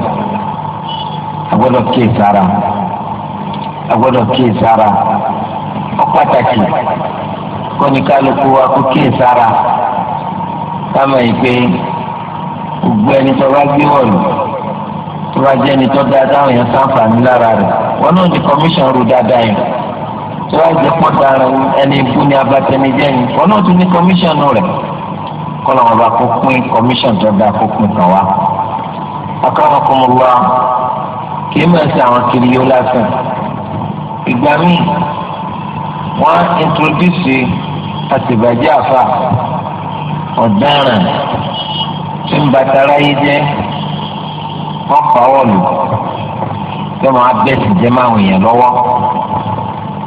agbọ́dọ̀ kíyè sára agbọ́dọ̀ kíyè sára ó pàtàkì kọ́ni kálukú wa kó kíyè sára káma yìí pé gbogbo ẹni tó bá gbé wọ̀lú tó bá jẹ́ ẹni tó dáa táwọn èèyàn sáǹfààní lára rẹ̀ wọn náà di commission ru dáadáa yìí tó bá jẹ́ pọ̀ dára ẹni ibú ni abatẹnijẹ́ yìí wọn náà tún ní commission rẹ̀ kọ́nà wọn bá kó pín commission tó dáa kó pín kàn wá. akọ́nà kì í máa ṣe àwọn kiri yóò lásán ìgbà míì wọ́n á introduce àtìbàjẹ́ àfa ọ̀daràn tí ń ba tara yé jẹ́ wọ́n pa ọ́ lù tí wọ́n á bẹ́ sì jẹ́ máa wọ̀nyẹn lọ́wọ́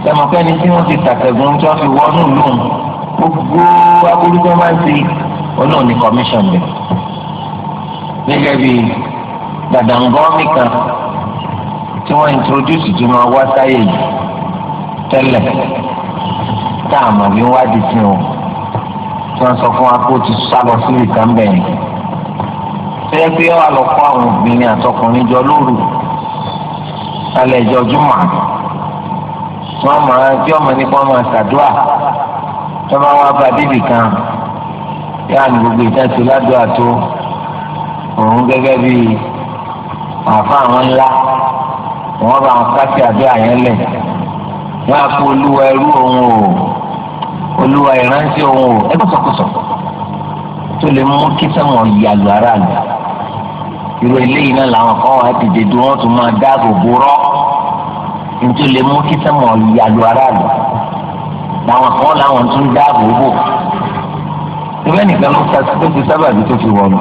sẹ́mọ̀kẹ́ni tí wọ́n ti tàtẹ̀gùn tí wọ́n fi wọ́nú lóhùn gbogbo aburú tí wọ́n máa ń ṣe olóhùn ní commission bẹ̀ gẹ́gẹ́ bíi dàdàngọ́mì kan tí wọ́n introduce tí wọ́n wá sáyé yìí tẹ́lẹ̀ tá a mọ̀ bí wá di tiẹ̀ o tí wọ́n sọ fún wa kó o ti sá lọ sí ìka ń bẹ̀ yẹn. Ṣé pé wà lọ kó àwọn obìnrin àtọkùnrin jọ lóru lálẹ́ ìjọ Júmọ̀ wọ́n mọ̀ ọ́n tí ọmọ nípa ọmọ ṣàdúrà tí wọ́n bá wá bá bíbì kan yáà ní gbogbo ìtẹ́sí ládùúgbò àtó òun gẹ́gẹ́ bíi àfa àwọn ńlá wọ́n bá wọn káṣí àbí àyẹ́lẹ̀ wọ́n á kó olúwa ẹrú òun o olúwa ìránṣẹ́ òun o ẹgbẹ́ sọ̀kọ̀sọ̀ tó lè mú kí sẹ́wọ̀n yàlù ara lọ irú eléyìí náà làwọn kan wà dìde dùn wọ́n tún máa dáàbò bò rọ́ nítorí lè mú kí sẹ́wọ̀n yàlù ara lọ làwọn kan làwọn tún dáàbò bò ìwé nìkan ló ti sábàbí tó fi wọ̀ nù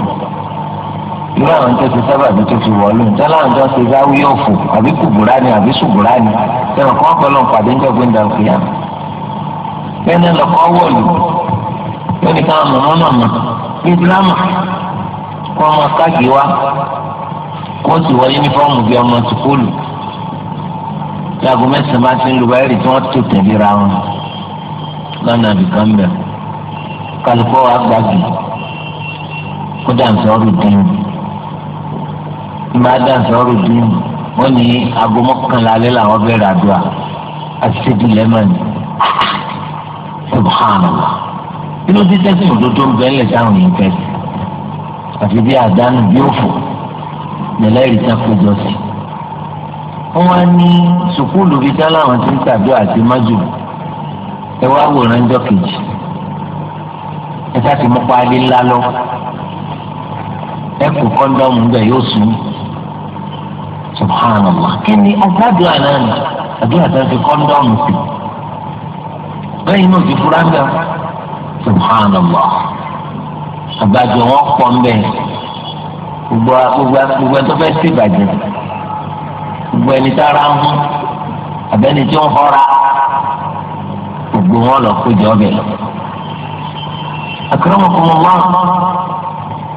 irú àwọn tó ti sábà bí tó ti wọlé níta láwọn tó ti dáwé òfò àbí kùbùrá ni àbí ṣùgbùrá ni ẹnì kan pẹ̀lú pàdé ńjọ pé ń da òkè yàrá bẹ́ẹ̀ni lọ́kọ́ wọ̀lù lónìí káwọn mọ̀mọ́ náà mọ̀ bí dírámà kọ́ ọmọ káàkiri wa kó sì wọ yúnífọ́ọ̀mù bí ọmọ sùkúlù tí aago mẹ́sàn-án bá ti ń lu báyìí tí wọ́n tó tẹ̀lé ra wọn lọ́nà àbíkan kálukọ́ wa gbàgbé kó dà ń sọ ọ́ máa dànsá ọ̀rọ̀ dùn wọn ní aago mọ́kànlá alẹ́ làwọn bẹ̀rẹ̀ àdúrà àṣìṣedì lẹ́mọ̀nì subhanallah inú títẹ́ sí òdodo ń bẹ́ẹ̀ lẹ̀ sáwọn yìí fẹ́ sí àfi bí àdánù bí òfò lẹ́lẹ́rìí tá kó jọ sí. wọ́n wá ní sùkúlù bíi tá láwọn ti ń tàdó àti májò ẹ wá wòran jọ kejì ẹ sá ti mú paálí ńlá lọ ẹ kó kọ́ńdọ́ọ̀mù bẹ́ẹ̀ yóò sùn yìí subhanallah kí ni ọgbàdo àná ni àbí àtàkì kọ́ńdọ́ọ̀mù sí bẹ́ẹ̀ inú ti fura ń bẹ̀ subhanallah àgbàdo wọn pọ̀ ń bẹ̀ gbogbo gbogbo ẹni tó fẹ́ sí ìbàjẹ́ gbogbo ẹni tó ara ń mú àbẹ́ni tó ń họra gbogbo wọn lọ péjọ ọbẹ̀ akramakumullah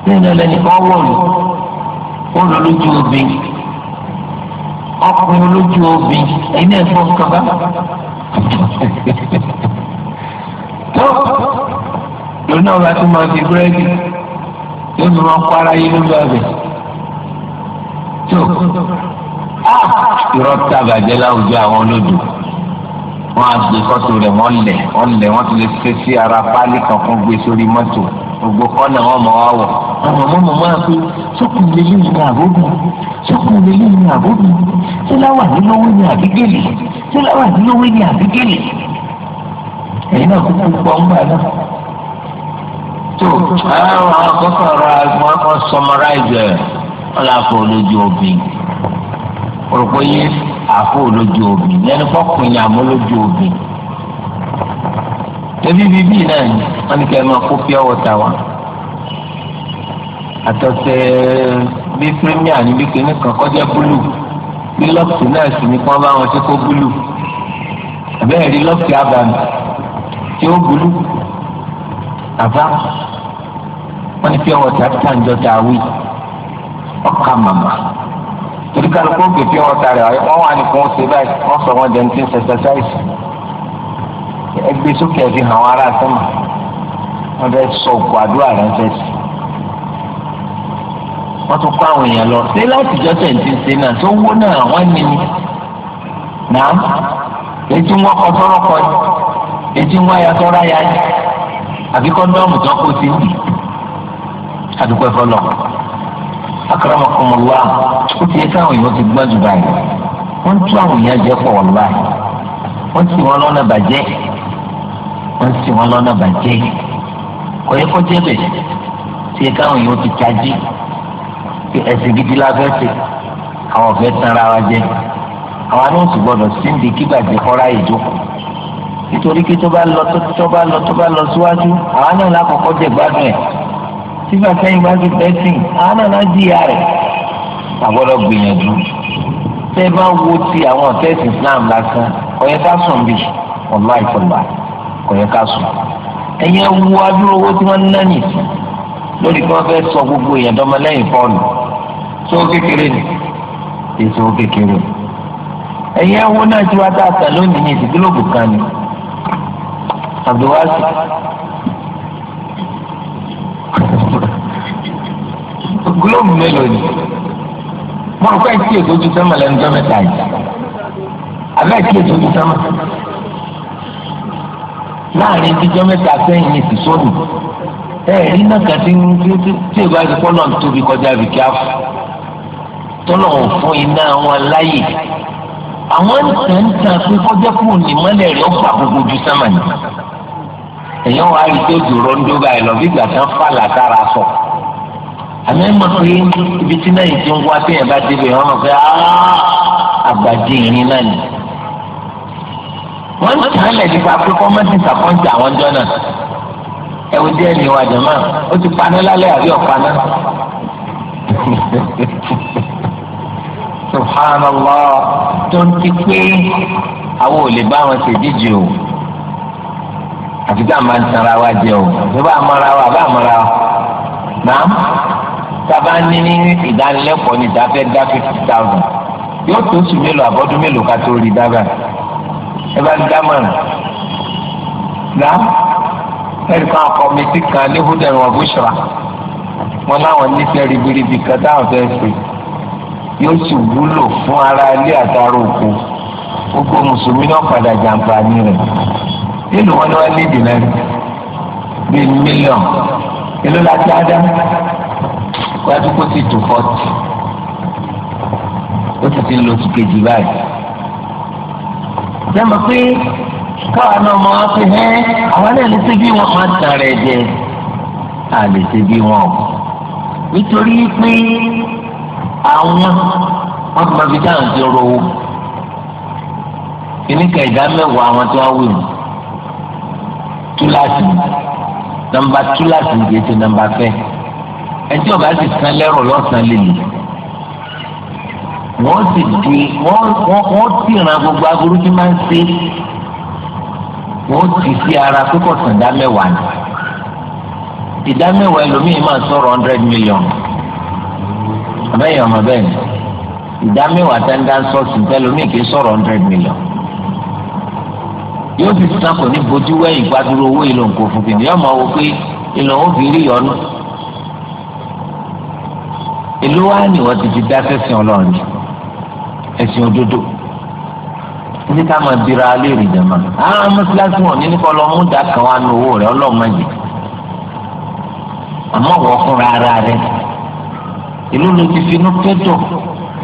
bẹ́ẹ̀ ni ọlẹ́ni kan wọ̀ lù wọ́n lọ lójú obìnrin ọkùnrin olójú obì iná ẹ̀fọ́ kaba. tó lónà ọba tó máa fi búrẹ́dì yóò fi máa kó ara yé lójú abẹ. tó irọ́ tá a bàjẹ́ láwùjọ àwọn olódò wọ́n á gbé kọ́tò rẹ̀ wọ́n lẹ̀ wọ́n lẹ̀ wọ́n ti lè ṣe sí ara páálí kan gbé sórí mọ́tò gbogbo kọ́nà wọn mọ̀ wá wọ̀ àwọn ọmọ mọ̀ máa fi sọ́kùn lélẹ́ ní àbóbì sọ́kùn lélẹ́ ní àbóbì síláwà nílówó ní àbígèlè síláwà nílówó ní àbígèlè ẹ̀yin náà kúkú pọ̀ ń bà náà. tó àwọn akọ́kọ́ ọ̀rọ̀ àgbọn kan sọmọráìzì wọ́n lè afọ olójú obì òròpọ̀ yé afọ olójú obì yẹn ni fọ́kùnrin àmọ́ olójú ebi bíbí náà ni wọ́n ní kí ẹ máa kó pure water wá àtọ̀tẹ̀ bí premier ní bí kíní kan kọjá búlù bí lọ́ọ̀kì náà sì ní kí wọ́n bá wọn ṣe kó búlù àbẹ́rẹ́ rí lọ́ọ̀kì abàmì tí ó búlù àbá wọ́n ní pure water tàǹjọ́ tá a wí ọkà màmá torí kálukú òkè pure water rẹ̀ wọ́n wà ní kí wọ́n ṣe báyìí wọ́n sọ wọ́n jẹun tí ń ṣe exercise ẹgbẹ́ sókè ẹ fi hàn wọn ará sọmọ wọn fẹẹ sọ òkú àdúrà rẹ fẹẹ sí wọn tún kó àwọn èèyàn lọ ṣé láti jọ tẹ̀ǹtì ṣe náà tó wó náà wọn ní ni náà etí wọn kọ tọrọ kọ ni etí wọn ya tọrọ ya ni àbí kọ́ńdọ́ọ̀mù tó kó sí ni àdúgbò ẹ̀fọ́ lọ akaramakumula ó ti yẹ káwọn èèyàn ti gbọ́n jù báyìí wọ́n tún àwọn èèyàn jẹ́ pọ̀ wọ́n láì wọ́n ti wọn lọ́nà bàjẹ́ kan sì wọ́n lọ́nà bàjẹ́ kò yẹ kó jẹ́ bẹ̀ tí káwọn yóò ti tají pé ẹ̀sìn gidi la fẹ́ ṣe àwọn ọ̀fẹ́ tanra wa jẹ àwọn náà sì gbọdọ̀ síndì kíbàjẹ́ kọ́ra ìjókòó nítorí kí tó bá lọ tó bá lọ tó bá lọ síwájú àwọn náà lákòókò jẹ gbádùn ẹ̀ sígbà sẹ́yìn bá ti bẹ́ẹ̀ sìn àwọn náà láti yà rẹ̀ àgbọ̀dọ̀ gbìyànjú tẹ́ bá wo ti àwọn ọ̀tẹ́ẹ̀sì Islam lásán ọ̀yẹ́ká sùn bì ọ̀lá ìfọ̀lá kò yẹ ká sùn ẹ̀yẹ wu adúrò owó tí wọ́n ń náà nì lórí kí wọ́n fẹ́ sọ gbogbo èèyàn dọ́mọlẹ́yìn pọ́ọ̀lù tó kékeré ni èso kékeré ẹ̀yẹ wo náà tí wọ́n dá àtà lónìí ní ìdígílòbù kan ni Abdulwasi gílòbù mélòó ni mo rò pé kí èso ti sẹ́mọ̀lẹ́nu jọ́ mẹ́ta yìí abẹ́ kí èso ti sẹ́mọ̀ láàrin jíjọ́ mẹ́ta sẹ́yìn ní tìsọ́nù ẹ rí náà kàn tí tí ìbá ti kọ́ náà tóbi kọjá àbíkí àfọ̀ tọ́lọ̀ fún iná wọn láyè àwọn ntẹ̀ntẹ̀ pé kọjá kúrò ní mọ́lẹ̀ rẹ̀ ó gbà gbogbo ju sẹ́mà ní. èèyàn wá rí tó dòrò ń dó báyìí lọ bí ìgbà kan fà látara sọ. àmì ẹ̀ mọ̀ pé ibi tí náà yìí ti ń wá bí bá débi ẹ̀ wọ́n mọ̀ pé àgbàdì ìrìn náà nìyẹn wọ́n ń tàn án lẹ̀ nípa pé kọ́mẹ́tì sàkọ́ńtì àwọn jọ náà ẹ̀wù díẹ̀ ní ìwà jọ̀mọ́ ó ti paná lálẹ́ àbí ọ̀paná. [LAUGHS] subhanallah tó ń ti pé àwọn ò lè bá wọn ṣèdíje o àti tá a máa ń tanra wa jẹ o ṣé bá a mọra wa bá a mọra wa naam sábà ní ní ìdánilẹ́kọ̀ọ́ ní ìdáfẹ́ dá fifty thousand yóò tó oṣù mélòó àbọ́dún mélòó ká tó rí dábàá ẹ bá ń dámọ̀ràn gbà ẹnì kan kọ́mítì kan ní húdẹ̀rù ọ̀bùsùrà wọn láwọn níṣẹ́ ribiribi kan táwọn fẹ́ ṣe yóò sì wúlò fún ara ilé àtàrà òkú gbogbo mùsùlùmí náà padà jàǹfààní rẹ̀ nínú wọn ni wọn ní ìdílé rẹ̀ bíi mílíọ̀n ìlú láti ádá wájú kó ti tù fọ́tì ó sì ti lọ sí kejì báyìí jẹ́mọ̀ pé káwa náà mọ̀ wá pé ẹ́ àwọn náà lè ṣe bí wọn máa ń tàn rẹ̀ jẹ à lè ṣe bí wọn o nítorí pé àwọn wọn ti máa fi dáhùn sí ọ̀rọ̀ owó kìnnìkà ìdá mẹ́wàá àwọn tí wọ́n wù mí túláàsì nàmbà túláàsì ń nàmbà fẹ́ ẹjọ́ bá ti san lẹ́rọ̀ lọ́sàn-án lè wọ́n sì di wọ́n wọ́n ti ràn gbogbo aburú tí máa ń ṣe wọ́n ti sí ara kókò sàn dá mẹ́wàá ni ìdá mẹ́wàá ẹlòmíì máa sọ̀rọ̀ hundred million abẹ́yẹn ọmọ bẹ́ẹ̀ ni ìdá mẹ́wàá tẹ́ńdá sọ́ọ̀sì tẹ́lómìí kì í sọ̀rọ̀ hundred million yóò fi sísan kò ní bojú wẹ́ ìgbàdúró owó ìlò nǹkan fún mi yóò máa wọ pé ìlò ó fi rí ìyọnu ìlú wa ni wọ́n ti fi dá sẹ́sìn ọlọ́run yìí ẹ̀sìn òdodo ní ká máa bira alẹ́ rè jẹ̀mọ́ àwọn mọ́sálásí wọn ní nípa ọlọ́mú dà kan wá nu owó rẹ̀ ọlọ́mọdé àmọ́ wọ́n fúnra ara rẹ̀ ìlú ló ti fi inú pẹ́tọ̀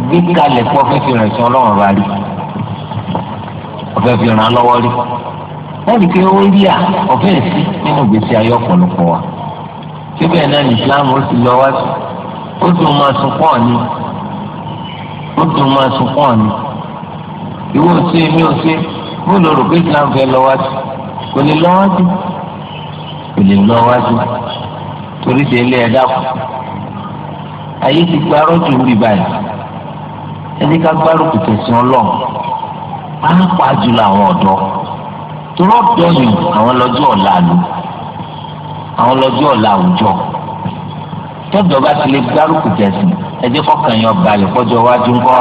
gbé kalẹ̀ pọ̀ fífi rẹ̀ sọ ọlọ́run bá rí ọ̀fẹ́ fi ràn án lọ́wọ́ rí lẹ́yìn pé ó rí à ọ̀fẹ́ sí nínú gbèsè ayé ọ̀pọ̀lọpọ̀ wa síbẹ̀ náà ní Islam ó ti lọ wá sí ó sì máa sùn pọ̀ ni ó dùn máa sunkún ọ̀nì ìwọ ṣe mi ò ṣe mo lọ rò pé islam fẹ́ lọ́wọ́dì kò lè lọ́wọ́dì kò lè lọ́wọ́dì torí délé ẹ̀dá kù ayé ti gbárò jù ń bì báyìí ẹni ká gbárò kù tẹ̀sán ọlọ́run pàápàá jùlọ àwọn ọ̀dọ́ torọ́ dọ́yìn àwọn lọ́jọ́ ọ̀la lò àwọn lọ́jọ́ ọ̀la àwùjọ tọ́jọba ti lè gbárùkù tẹ̀sìn ẹ jẹ́ kọ́kàn yẹn balẹ̀ kọjọ́ iwájú ńkọ́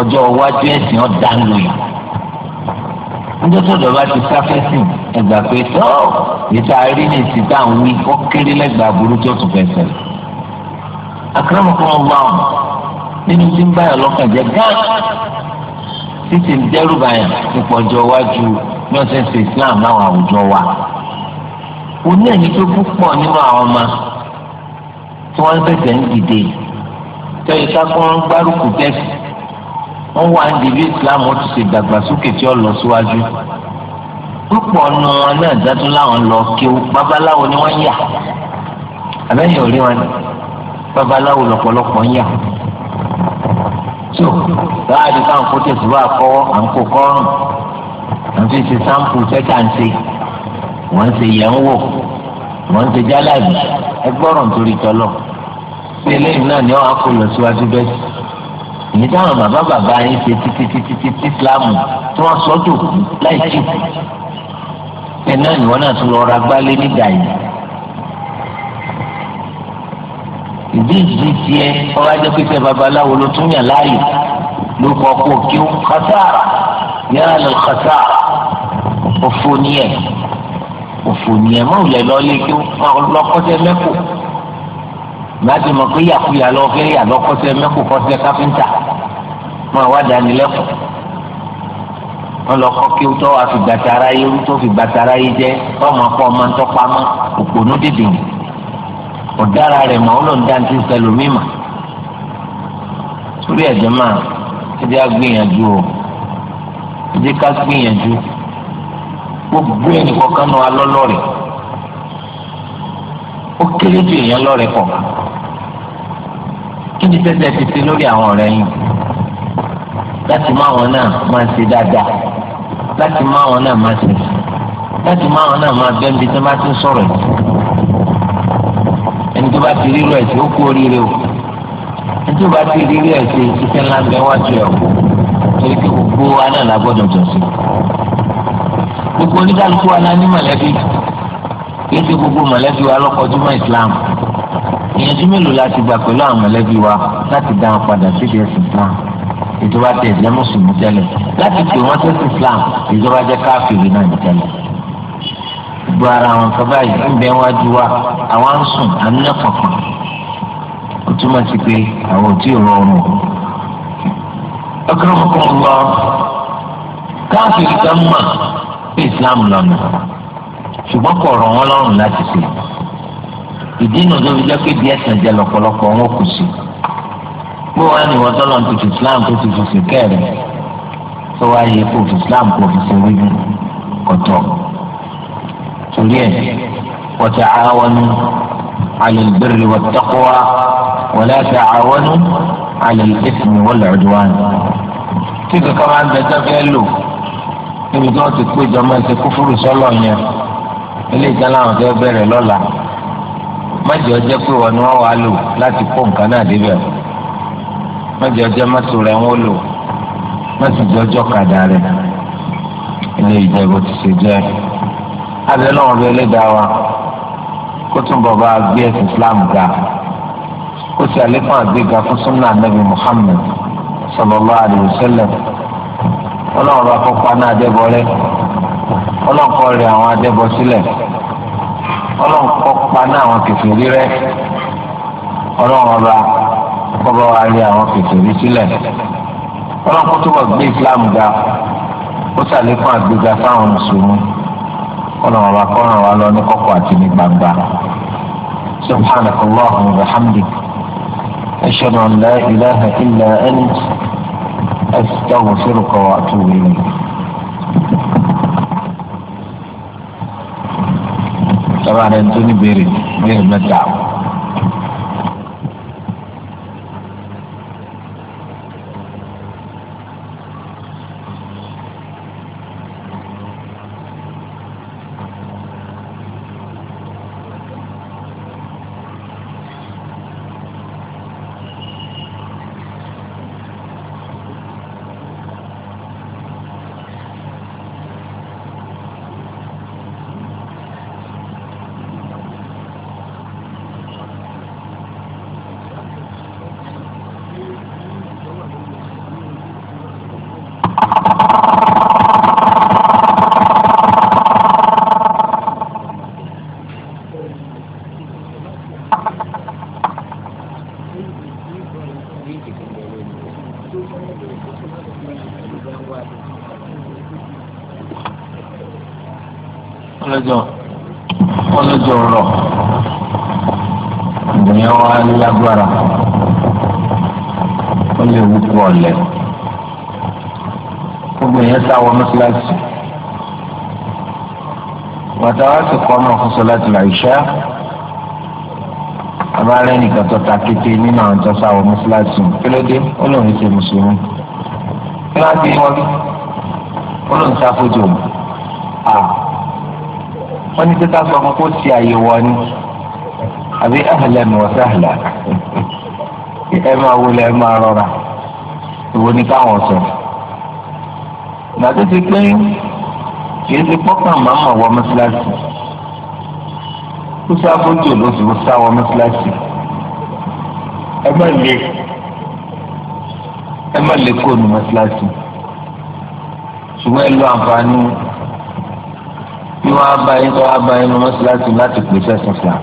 ọjọ́ iwájú ẹ̀sìn ọ̀dà ń lò yìí. níjọ́ tọ́jọba ti sáfẹ́sìn ẹgbà pé tọ́ ìta rí ní ìsìta ń wí ó kéré lẹ́gbàá burú tó tún fẹ́ sẹ́lẹ̀. àkàràmọ̀kọ́ ọba ọ̀hún nínú tí ń báyọ̀ lọ́kàn jẹ́ gán títí ń dẹ́rù báyà nípa ọjọ́ iwájú wa. òun náà ní pé púpọ̀ nínú tí wọ́n ṣẹ̀ṣẹ̀ ń dìde tó yẹ ká kó wọn gbárùkù tẹ̀sí wọ́n wà ń dìbí islam ó ti ṣe dàgbàsókè tí ó lọ síwájú púpọ̀ nu wọn náà dájú láwọn lọ kíw babaláwo ni wọ́n yà àbẹ́yẹ̀ òrí wọn babaláwo lọ́pọ̀lọpọ̀ ń yà tó láàdì káwọn kó tẹ̀síwá kọ́wọ́ à ń kó kọ́rùn à ń fi ṣe sáǹpù tẹ́tà ń ṣe wọ́n ń ṣe yẹ̀ ń wò wọ́n ń ṣe jálàbì ẹgbọ́rọ̀ nítorí tọ́lọ̀ ṣé eléyìí náà ni wọ́n á kó lọ síwájú bẹ́ẹ̀ èyí táwọn bàbá bàbá yín ṣe títí títí títí síláàmù tí wọ́n sọ́dọ̀ láì jù ẹ̀ náà ni wọ́n náà tún lọ ra gbálé nígbà yìí. ìdí ìdí tiẹ̀ ọba jẹ́ pípẹ́ babaláwo ló tún yàn láàyè ló kọ́ kó kí ó kọ́sára yàrá lọ kọ́sára òfò ni òfò nìyẹn mọ òlẹ lọ lé kí lọkọsẹ mẹkọ láti mọ pé yàkuyà lọ fẹ yà lọkọsẹ mẹkọ kọsẹ káfíńtà mọ àwa dání lẹkọ wọn lọ kọ kí tó wàá fi gbàtara yé tó fi gbàtara yé jẹ ọmọ akọ ọmọ ntọpamọ òpònú dìde ọ̀dára rẹ̀ mọ̀ ọ́ ló ń dáńtí sẹlómi mà torí ẹ̀jẹ̀ máa ẹ jẹ́ ká gbìyànjú o ẹ jẹ́ ká gbìyànjú gbogbo ẹnì kọ̀ọ̀kan náà alọ́lọ́rẹ̀ ó kéré ju èèyàn lọ́rẹ̀ pọ̀ kí ni tẹ́tẹ́ ti ṣe lórí àwọn ọ̀rẹ́ yìí láti má wọn náà máa ṣe dáadáa láti má wọn náà máa ṣe láti má wọn náà máa bẹ́ẹ̀ bí tí wọ́n bá ti ń sọ̀rọ̀ yìí ẹni tó bá ti rírọ ẹ̀ sí ó kú oríire o ẹni tó bá ti rírọ ẹ̀ sí iṣẹ́ ńlá ń bẹ wájú ẹ̀ o torí pé gbogbo wa náà jọ sí i gbogbo oníkàlùkù wa la ní mọ̀lẹ́bí kìí ṣe gbogbo mọ̀lẹ́bí wa lọ́kọ̀ọ́jú mọ́ ìsìláàmù ìyànjú mélòó la ti gbà pẹ̀lú àwọn mọ̀lẹ́bí wa láti dá wọn padà sí ẹ̀sìn islam ìjọba tẹ ìjẹ́ mùsùlùmí tẹ́lẹ̀ láti pè wọ́n sẹ́sìn islam ìjọba jẹ́ káfíìrì náà ní tẹ́lẹ̀ gbogbo ara àwọn kan báyìí ń bẹ wájú wa àwọn ń sùn àníyàn kankan ó túmọ̀ sí pé àwọn ò tí ì rọrùn ọkùnrin islam lọ́nà ṣùgbọ́n kò rọ̀ wọ́n lọ́rùn láti ṣe ìdí inú tó fi jẹ́ pé díẹ̀ sàn jẹ́ lọ́pọ̀lọpọ̀ wọn kù sí pé wọ́n á ní wọ́n tọ́lọ̀ ti fi islam tó ti fi sìn kẹ́rẹ̀ tó wá yẹ kó fi islam kó fi sìn wí kọ̀tọ̀ torí ẹ̀ wa ta'awanu 'ala al-birri wat-taqwa wa la ta'awanu 'ala al-ithmi wal-'udwan tí fẹ́ lò níbi tí wọ́n ti pé ìjọba ẹsẹ̀ kúfúrú sọ́lọ̀ yẹn ilé ìtàn láwọn tó bẹ̀rẹ̀ lọ́la májọ jẹ́ pé wọn ni wọ́n wàá lò láti kó nǹkan náà débẹ̀ májọ jẹ́ mọ́tò rẹ̀ wọ́n lò mọ́tò jọjọ́ kàdá rẹ̀ ilé ìjẹ́bù ti ṣe jẹ́ abẹ́ náà bẹ́ẹ̀ lé dá wa kó tún bọ̀ bá gbé ẹ̀sìn Islam ga kó sì àlékún àgbéga fún súnà nàbì Muhammad sallallahu alaihi wasallam. ọlọ́run bá kọ́ paná adébọ rẹ ọlọ́run kọ́ rẹ àwọn adébọ sílẹ̀ ọlọ́run kọ́ paná àwọn kìfìrí rẹ ọlọ́run rí àwọn Islam ga ó sàlékún àgbéga fáwọn mùsùlùmí ọlọ́run ọba kọ́ ràn wá lọ ní kọ́kọ́ àti ní gbangba أستغفرك وأتوب إليك طبعا أنتوني بيري بيري متعب sọláàtì làìṣá abáàrẹ nìkan tó ta kété nínú àwọn tó sáwọ mọ́sálásí kílódé ó lóun ṣe mùsùlùmí kíláàsì wọn ó lóun ṣàkójọ à wọn ní títà sọ fún kó ti àyẹ̀wò ọni àbí ahlan wa sahlan ẹ máa wọlé ẹ máa rọra ìwọ ni káwọn sọ gbàdúgbò pé kì í ti pọ́kàn máa mọ̀ wọ mọ́sálásí kó sáfójú olóṣèlú sáwọn mọ́sálásì ẹ má lè ẹ má lè kó ní mọ́sálásì ṣùgbọ́n ẹ lo àǹfààní bí wọ́n á bá yín tó wá bá yín ní mọ́sálásì láti pèsè ẹ̀sìn fún wa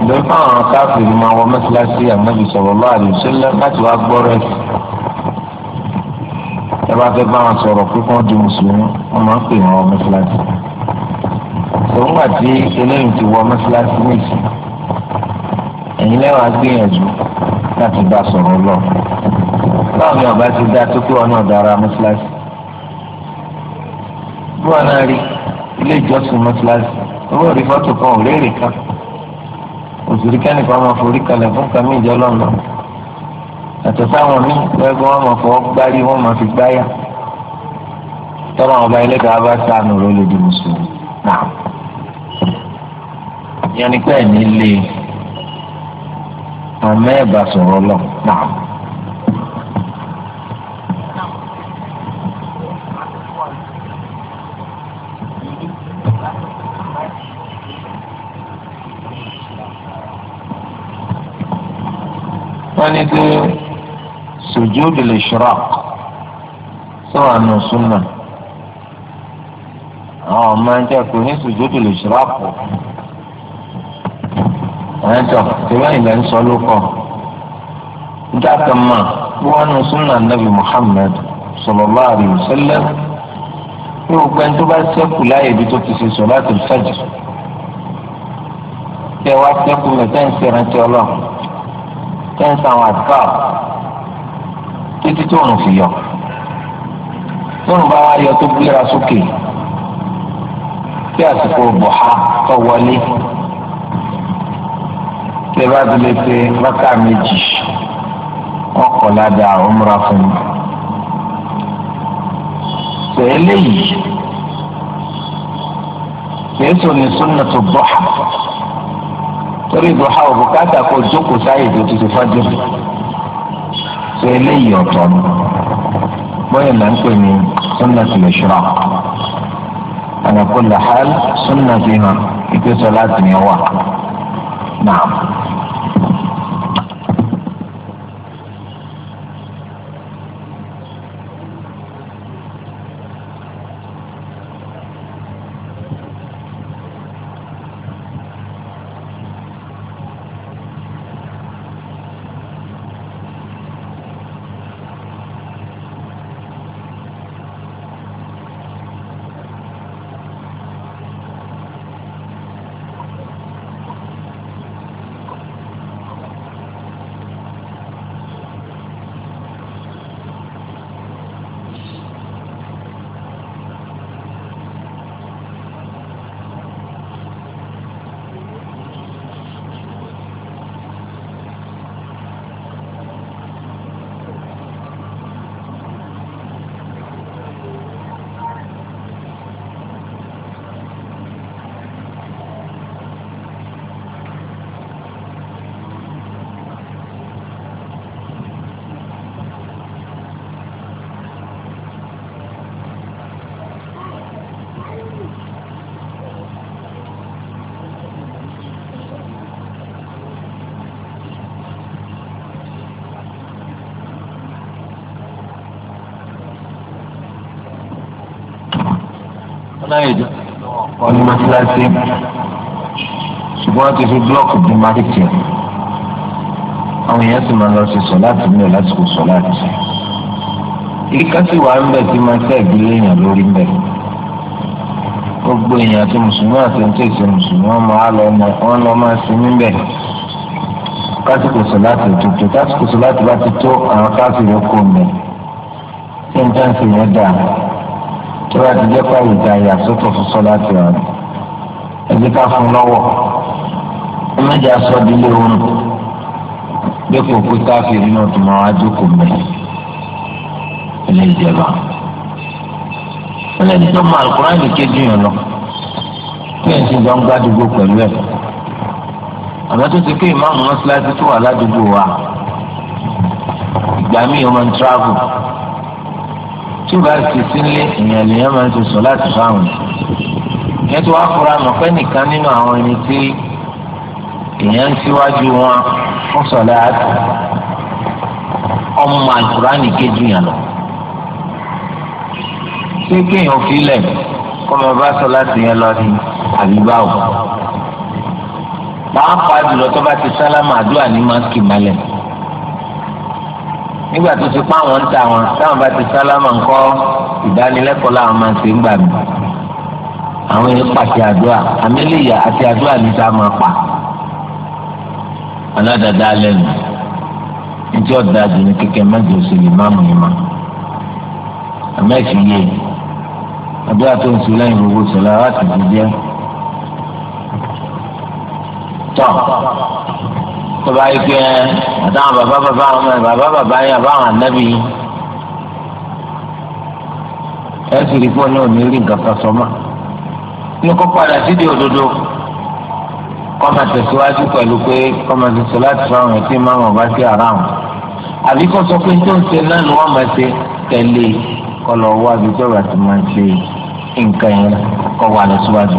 ìgbẹ́ fáwọn káfíìrì máa wọ mọ́sálásí ànábì sallallahu alaihi wasallam láti wá gbọ́rọ̀ ẹ̀sìn. ẹ bá fẹ́ bá wọn sọ̀rọ̀ pé kí wọ́n di mùsùlùmí wọ́n máa ń pè wọ́n mọ́sálásí tòun wà tí eléyìí ti wọ mọ́ṣáláṣí nìyí ẹ̀yin lẹ́wàá gbìyànjú láti bá sọ̀rọ̀ lọ báwo ni ọba ti dá tó pé wọn náà dára mọ́ṣáláṣí bí wọn náà rí ilé ìjọsìn mọ́ṣáláṣí owó rí fọ́tò kan ò léèrè kan òṣèré kẹ́nìkan máa forí kalẹ̀ fún kàmí ìjọ lọ́nà àtọ̀ sáwọn míì lẹ́gbẹ́ wọn máa fọwọ́ gbárí wọn máa fi gbáyà tọ́lá ọba ẹlẹ́dàá bá sànù ló lè di mùsùlùmí ìyẹn ni pé ẹni lé àmọ́ ẹ̀ bá sọ̀rọ̀ lọ náà. wọ́n ní pé sujud al-ishraq sọ̀rọ̀ àna sunna àwọn ọmọ ẹja kò ní sujud al-ishraq pọ̀ ẹ̀ńtọ̀ ìwé ìlẹ̀ ń sọ ló kọ́ dáàkà mà wọn nù súnà nàbì Muhammad sallallahu alaihi wasallam ní gbogbo ẹni tó bá sẹ́kù láàyè ibi tó ti ṣe sọ̀láàtì fajr tẹ wá sẹ́kù mẹ́ tẹ́ ń sẹ́ran tẹ ọlọ́ tẹ́ ń sàwọn àdúrà títí tó ń fi yọ tó ń bá wa yọ tó gbéra sókè kí àsìkò bọ̀há tó wọlé tẹ́ bá ti lè ṣe rákà méjì wọ́n kọ̀ ládàá òmùra fún mi. tẹ́lẹ̀ yìí kìí sọ ní súnà tó bọ́hà torí bọ́hà ò bùkátà kó jókòó sáyè tó ti ti fájìrì tẹ́lẹ̀ yìí ọ̀tọ̀ ni bóyá là ń pè ní súnà tó lè àlàkùn làhálì súnà tó yàn ìgbésọ̀ láti yàn wà náà. náà ìjọ kọ́ ní mọ́tíláṣí ṣùgbọ́n ti fi búlọ́ọ̀kù bí máríkì àwọn èèyàn sì máa lọ sí sọ̀láàtì mi ò lásìkò sọ̀láàtì ìkásí wàá ń bẹ̀ tí máa tẹ́ ìdílé èèyàn lórí ń bẹ̀ gbogbo èèyàn àti mùsùlùmí àti ní tẹ̀sí mùsùlùmí wọn máa lọ wọn lọ máa sí níbẹ̀ kásìkò sọ̀láàtì tuntun kásìkò sọ̀láàtì bá ti tó àwọn káàsì yóò mi tí n jẹ́ ń sèyàn dáa tó bá ti jẹ́ pé àyíká ìyàsọ́tọ̀ fún sọ́lá ti hàn ẹbí ká fún lọ́wọ́ ẹ má jẹ́ aṣọ ìdílé oorun dípò pé káfíìrì náà tó máa wá jókòó mẹ́ ilé ìjẹba ẹlẹ́ni tó máa Al-Qur'an kéjì yàn lọ kí ẹ̀ ń ṣe gbọ́ngbà àdúgbò pẹ̀lú ẹ̀ àmọ́ tó ti pé ìmáàmù mọ́ṣáláṣí tó wà ládùúgbò wa ìgbà míì ó máa ń tíráàbù tí o bá ti sílé èèyàn lèèyàn máa ń ti sọ láti fáwọn yẹn tó wá fura mọ̀ pé nìkan nínú àwọn ẹni tí èèyàn ń síwájú wọn fún sọlá ọmọ àlùkùránì kejì yàn lọ ṣé kéèyàn filẹ̀ kọ́mọ bá sọ láti yẹn lọ ní àbíbáwò pàápàá jùlọ tó bá ti sálámà àdúrà ní máa malẹ̀ nígbà tó ti pa àwọn ń ta wọn táwọn bá ti sálámà ńkọ́ ìdánilẹ́kọ̀ọ́ làwọn máa ń ṣe ń gbà mí àwọn yẹn pàṣẹ àdúrà àmẹ́lẹ́yà àti àdúrà ní ta máa pa aládàáda lẹ́nu ntí ọ̀dà àdùnnú kékeré mẹ́jọ òṣèlú máàmù yìí ma àmẹ́sì e. àdúrà tó ń sùn lẹ́yìn gbogbo sọ̀rọ̀ àwọn àtìjú jẹ́ tọ́ tó bá yí pé eh, àtàwọn bàbá bàbá àwọn ọmọ bàbá bàbá yẹn àbáwọn ànábì yìí ẹ sì rí pọ́n náà ní rí nǹkan kan sọ mọ́ ní kó padà sídìí òdodo kọ́ máa tẹ̀síwájú pẹ̀lú pé kọ́ máa tẹ̀síwájú láti fáwọn ẹtí máa wọ̀n bá sí ara wọn àbí kó sọ pé tó ń ṣe náà ni wọ́n máa ṣe tẹ̀lé e, kọ́ lọ wá ibi tó bá ti máa ṣe nǹkan yẹn kọ́ wà lọ síwájú.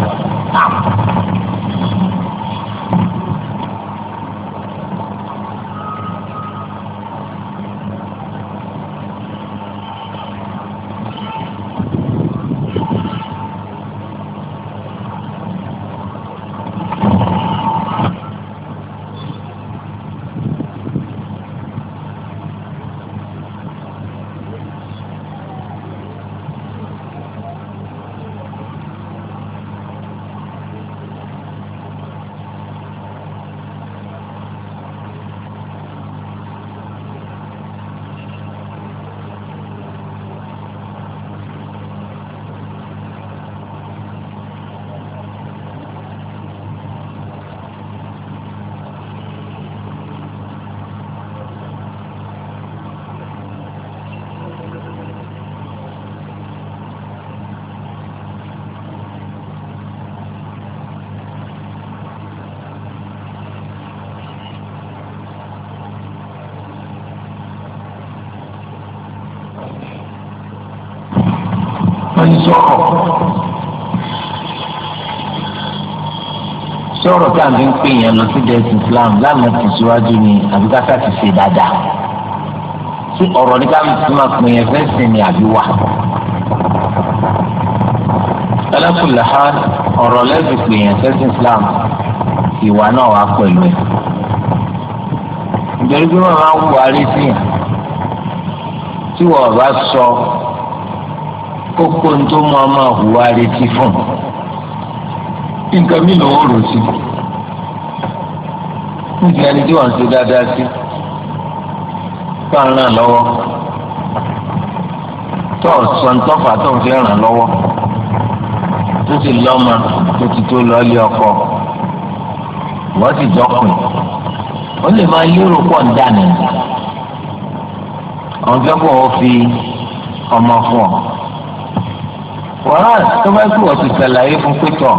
sọ̀rọ̀ sọ̀rọ̀ tá à ń fi ń pè yẹn lọ sí dẹ́sí Islam lánàá ti síwájú ni àbí ká sáà ti ṣe dáadáa tí ọ̀rọ̀ ní ká fi máa pè yẹn fẹ́ sìn ní àbí wà. alákùlẹ̀ ha ọ̀rọ̀ lẹ́bi pè yẹn fẹ́ sìn Islam ìwà náà wà pẹ̀lú ẹ̀. ìjọba ìgbìmọ̀ máa ń wà á rí sí yàn tí wọ́n bá sọ. kókó tó mọ ọmọ àhùwà retí fún nǹkan mìíràn ó rò sí níbi ẹni tí wọ́n ń ṣe dáadáa sí tó lọ́wọ́ tó sọ̀ńtọ́fà tó ń fi ràn lọ́wọ́ tó ti lọ́mọ tó ti tó ọkọ wọ́n sì dọ́kùn ó lè máa lérò pọ̀ ń dànù àwọn fẹ́ o fi ọmọ fún ọ. Quran tó bá sì wọ́n ti ṣàlàyé fún pétọ́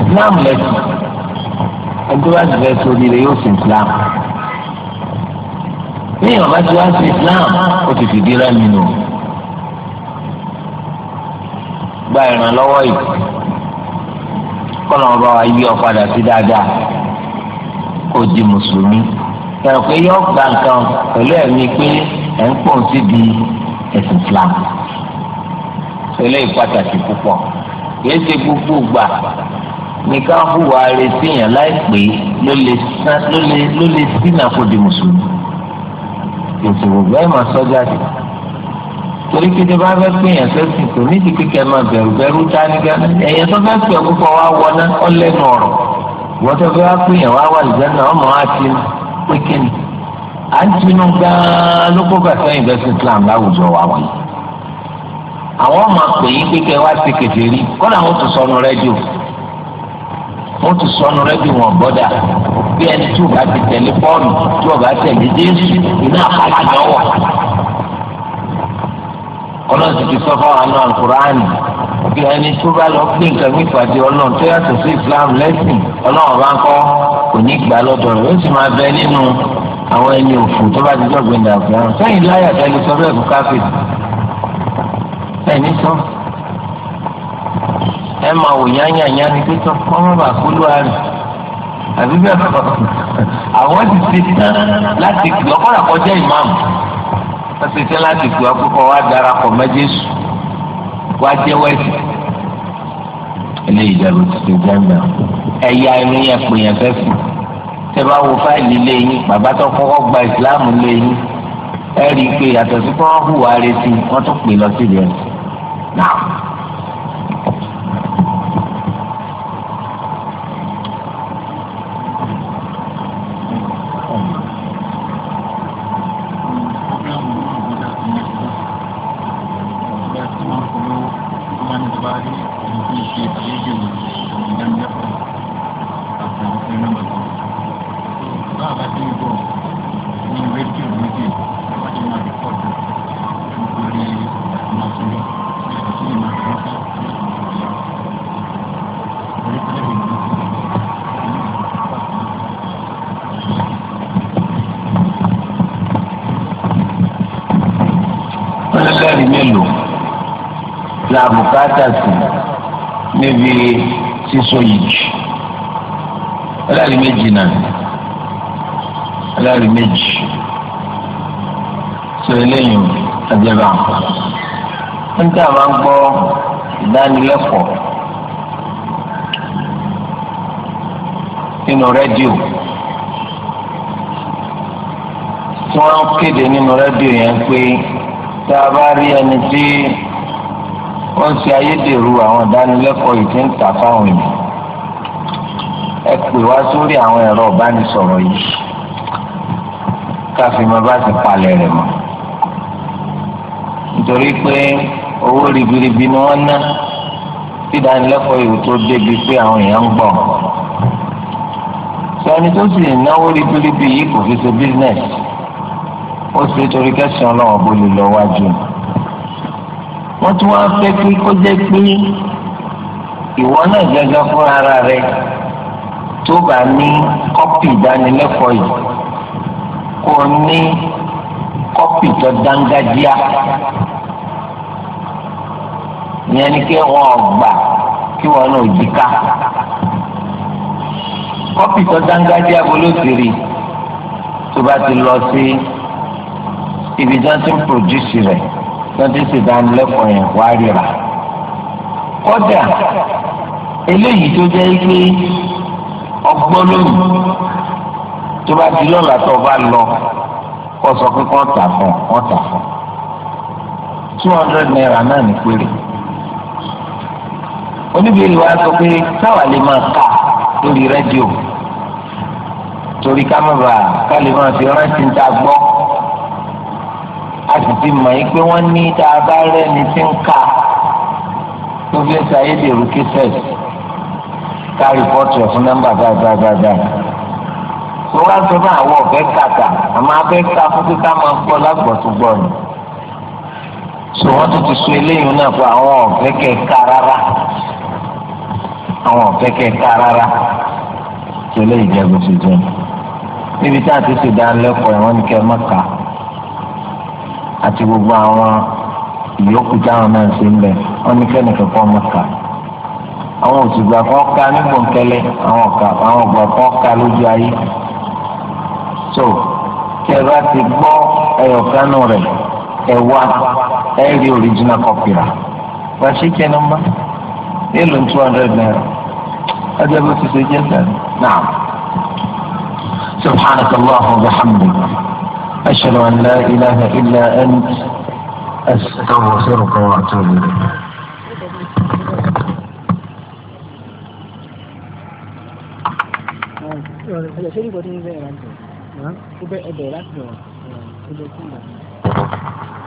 Islam lẹ́sìn ẹgbẹ́ wá sí lẹ́sìn oníire yóò sì Islam ní ìyànbá tí wá sí Islam ó ti fìdí rẹ́mi nù gba ìrànlọ́wọ́ yìí kọ́nà ọba wa yí ọ padà sí dáadáa kó di mùsùlùmí ẹ̀rọ pé yọ gba nǹkan pẹ̀lú pé ẹ̀ ń pọ̀ sí di ẹ̀sìn Islam eléyìí pàtàkì púpọ̀ kìí ṣe gbogbo gbà nìkan hùwà retí yàn láìpẹ́ ló lè sínà kó di mùsùlùmí èsì gbogbo ẹ̀ máa sọ́jà sí torí kíndé bá fẹ́ pé yàn sẹ́sìn tó ní ti kíkẹ́ máa bẹ̀rù bẹ̀rù dání gánà ẹ̀yẹ tó fẹ́ pẹ̀ púpọ̀ wá wọná ọlẹ́nu ọ̀rọ̀ wọ́n tó fẹ́ wá pé yàn wá wà lùdánà ọmọ wa ti pé kíni à ń tinú gan-an ló kó bàtà ìbẹ́sìn Islam láwùjọ wa wọ̀nyí àwọn máa pè yín pé kẹ́ wá sí kèfèrí kọ́nà àwọn tó sọnù rẹ́díò wọ́n ti sọnù rẹ́díò wọn bọ́dà bí ẹni tí o bá ti tẹ̀lé pọ́ọ̀nù tí o bá tẹ̀lé jésù iná àpàlà ni ọ wà. ọlọ́run ti fi sọ fún àwọn alukuraani bí ẹni tó bá lọ gbé nǹkan mi pàdé ọlọ́run tó yàtọ̀ sí islam lẹ́sìn ọlọ́run bá ń kọ́ kò ní gbà lọ́dọ̀ rẹ̀ ó sì máa bẹ nínú àwọn ẹni òfò tó bá ti dọ̀gbìn dàgbà sẹ́yìn láyà tẹ́lẹ̀ bẹ́ẹ̀ fún káfíńsì ẹni sọ ẹ máa wò yányányá ni pé sọ fún ọmọ bàbá olú àrùn àbí bí ọ̀nà àwọn ti ṣe tán láti gbé ọkọ̀ àkọjá ìmáàmù wọ́n ti ṣe láti gbé ọkọ̀ wa darapọ̀ mẹ́jẹ̀sù wa jẹ́wọ́ ẹ̀sìn eléyìí dàbí ti ṣe gbẹ́ngbẹ́ ẹ̀yà inú yẹn pè yẹn fẹ́ fún tẹ bá wo fáìlì lẹ́yìn bàbá tó kọ́kọ́ gba ìsìláàmù lẹ́yìn ẹ̀ rí i pé yàtọ̀ sí pé wọ́n hùwà retí wọ́n tún pè lọ síbi ẹ̀sìn. Now, la bùkátà sí níbi sísọ yìí ọlọ́ọ̀lì méjì náà ọlọ́ọ̀lì méjì sọ eléyìí àjẹbà ń tà máa ń gbọ́ ìdánilẹ́kọ̀ọ́ nínú rédíò tí wọ́n kéde nínú rédíò yẹn pé tá a bá rí ẹni tí wọ́n fi ayédèrú àwọn ìdánilẹ́kọ̀ọ́ yìí ti ń tà fáwọn èèyàn ẹ pè wá sórí àwọn ẹ̀rọ ìbánisọ̀rọ̀ yìí káfí máa bá ti palẹ̀ rẹ̀ mọ́ nítorí pé owó ribiribi ni wọ́n ná tí ìdánilẹ́kọ̀ọ́ yìí tó débi pé àwọn èèyàn ń gbọ́ sọni tó sì náwó ribiribi yìí kò fi ṣe bísínẹ́sì ó ṣe torí kẹsàn-án bó lè lọ wájú ni wọ́n tún wá fẹ́ pé kó jẹ́ pé ìwọ náà gẹ́gẹ́ fún ara rẹ tó bá ní kọ́pì ìdánilẹ́kọ̀ọ́ yìí kó ní kọ́pì tó dángájíá ìyẹn ni kí wọ́n gbà kí wọ́n náà jí ká kọ́pì tó dángájíá bolóṣèré tó bá ti lọ sí ibi tí wọ́n ti pòdúsì rẹ̀ tọ́jú ìdánilẹ́kọ̀ọ́ yẹn wá ríra. kọ́dà eléyìí tó jẹ́ pé ọgbọ́n lónìí tó bá di lọ́la tó bá lọ kó sọ pé kọ́ tà fún kọ́ tà fún two hundred naira náà ní péré. oníbèrè wa sọ pé táwa lè máa kà lórí rédíò torí ká má bàa ká lè máa fi rántí ń ta gbọ́ a sì ti mọ̀ yín pé wọ́n ní tá a bá rẹ́ni tí ń ka tó fi ń ṣàyédèrú kéṣẹ́ẹ̀sì ká rìpọ́tù ẹ̀ fún nọ́mbà dáadáa. mo wá sọ fún àwọn ọ̀fẹ́ kàkà àmọ́ abẹ́ ká fún pé ká máa gbọ́ lágbọ̀túgbọ̀ ni. sọ wọ́n tún ti sọ eléyìí náà fún àwọn ọ̀fẹ́ kẹ̀ka rárá àwọn ọ̀fẹ́ kẹ̀ka rárá tó lè jẹ́ gbèsè jẹ́ níbi tá a ti ṣèdánilẹ́kọ̀ọ́ ẹ̀wọ̀n ní kẹ́ mọ́ka àti gbogbo àwọn ìyókù táwọn náà ṣe ń bẹ wọn ní kẹ́nìkan kọ́ ọmọ kà àwọn òṣùgbà kan ká nígbòǹkẹ́lẹ́ àwọn ọ̀kà àwọn ọ̀gbà kan ká lójú ayé so tẹ bá ti gbọ́ ẹyọkánú rẹ̀ ẹ wá ẹ rí original copy rà wàṣí kẹnu mọ́ nílò two hundred naira ọjọ́ bó ti ṣe jẹ́ sẹ́yìn náà subhanahu wa ta'ala أشهد أن لا إله إلا أنت أستغفرك وأتوب إليك Thank you.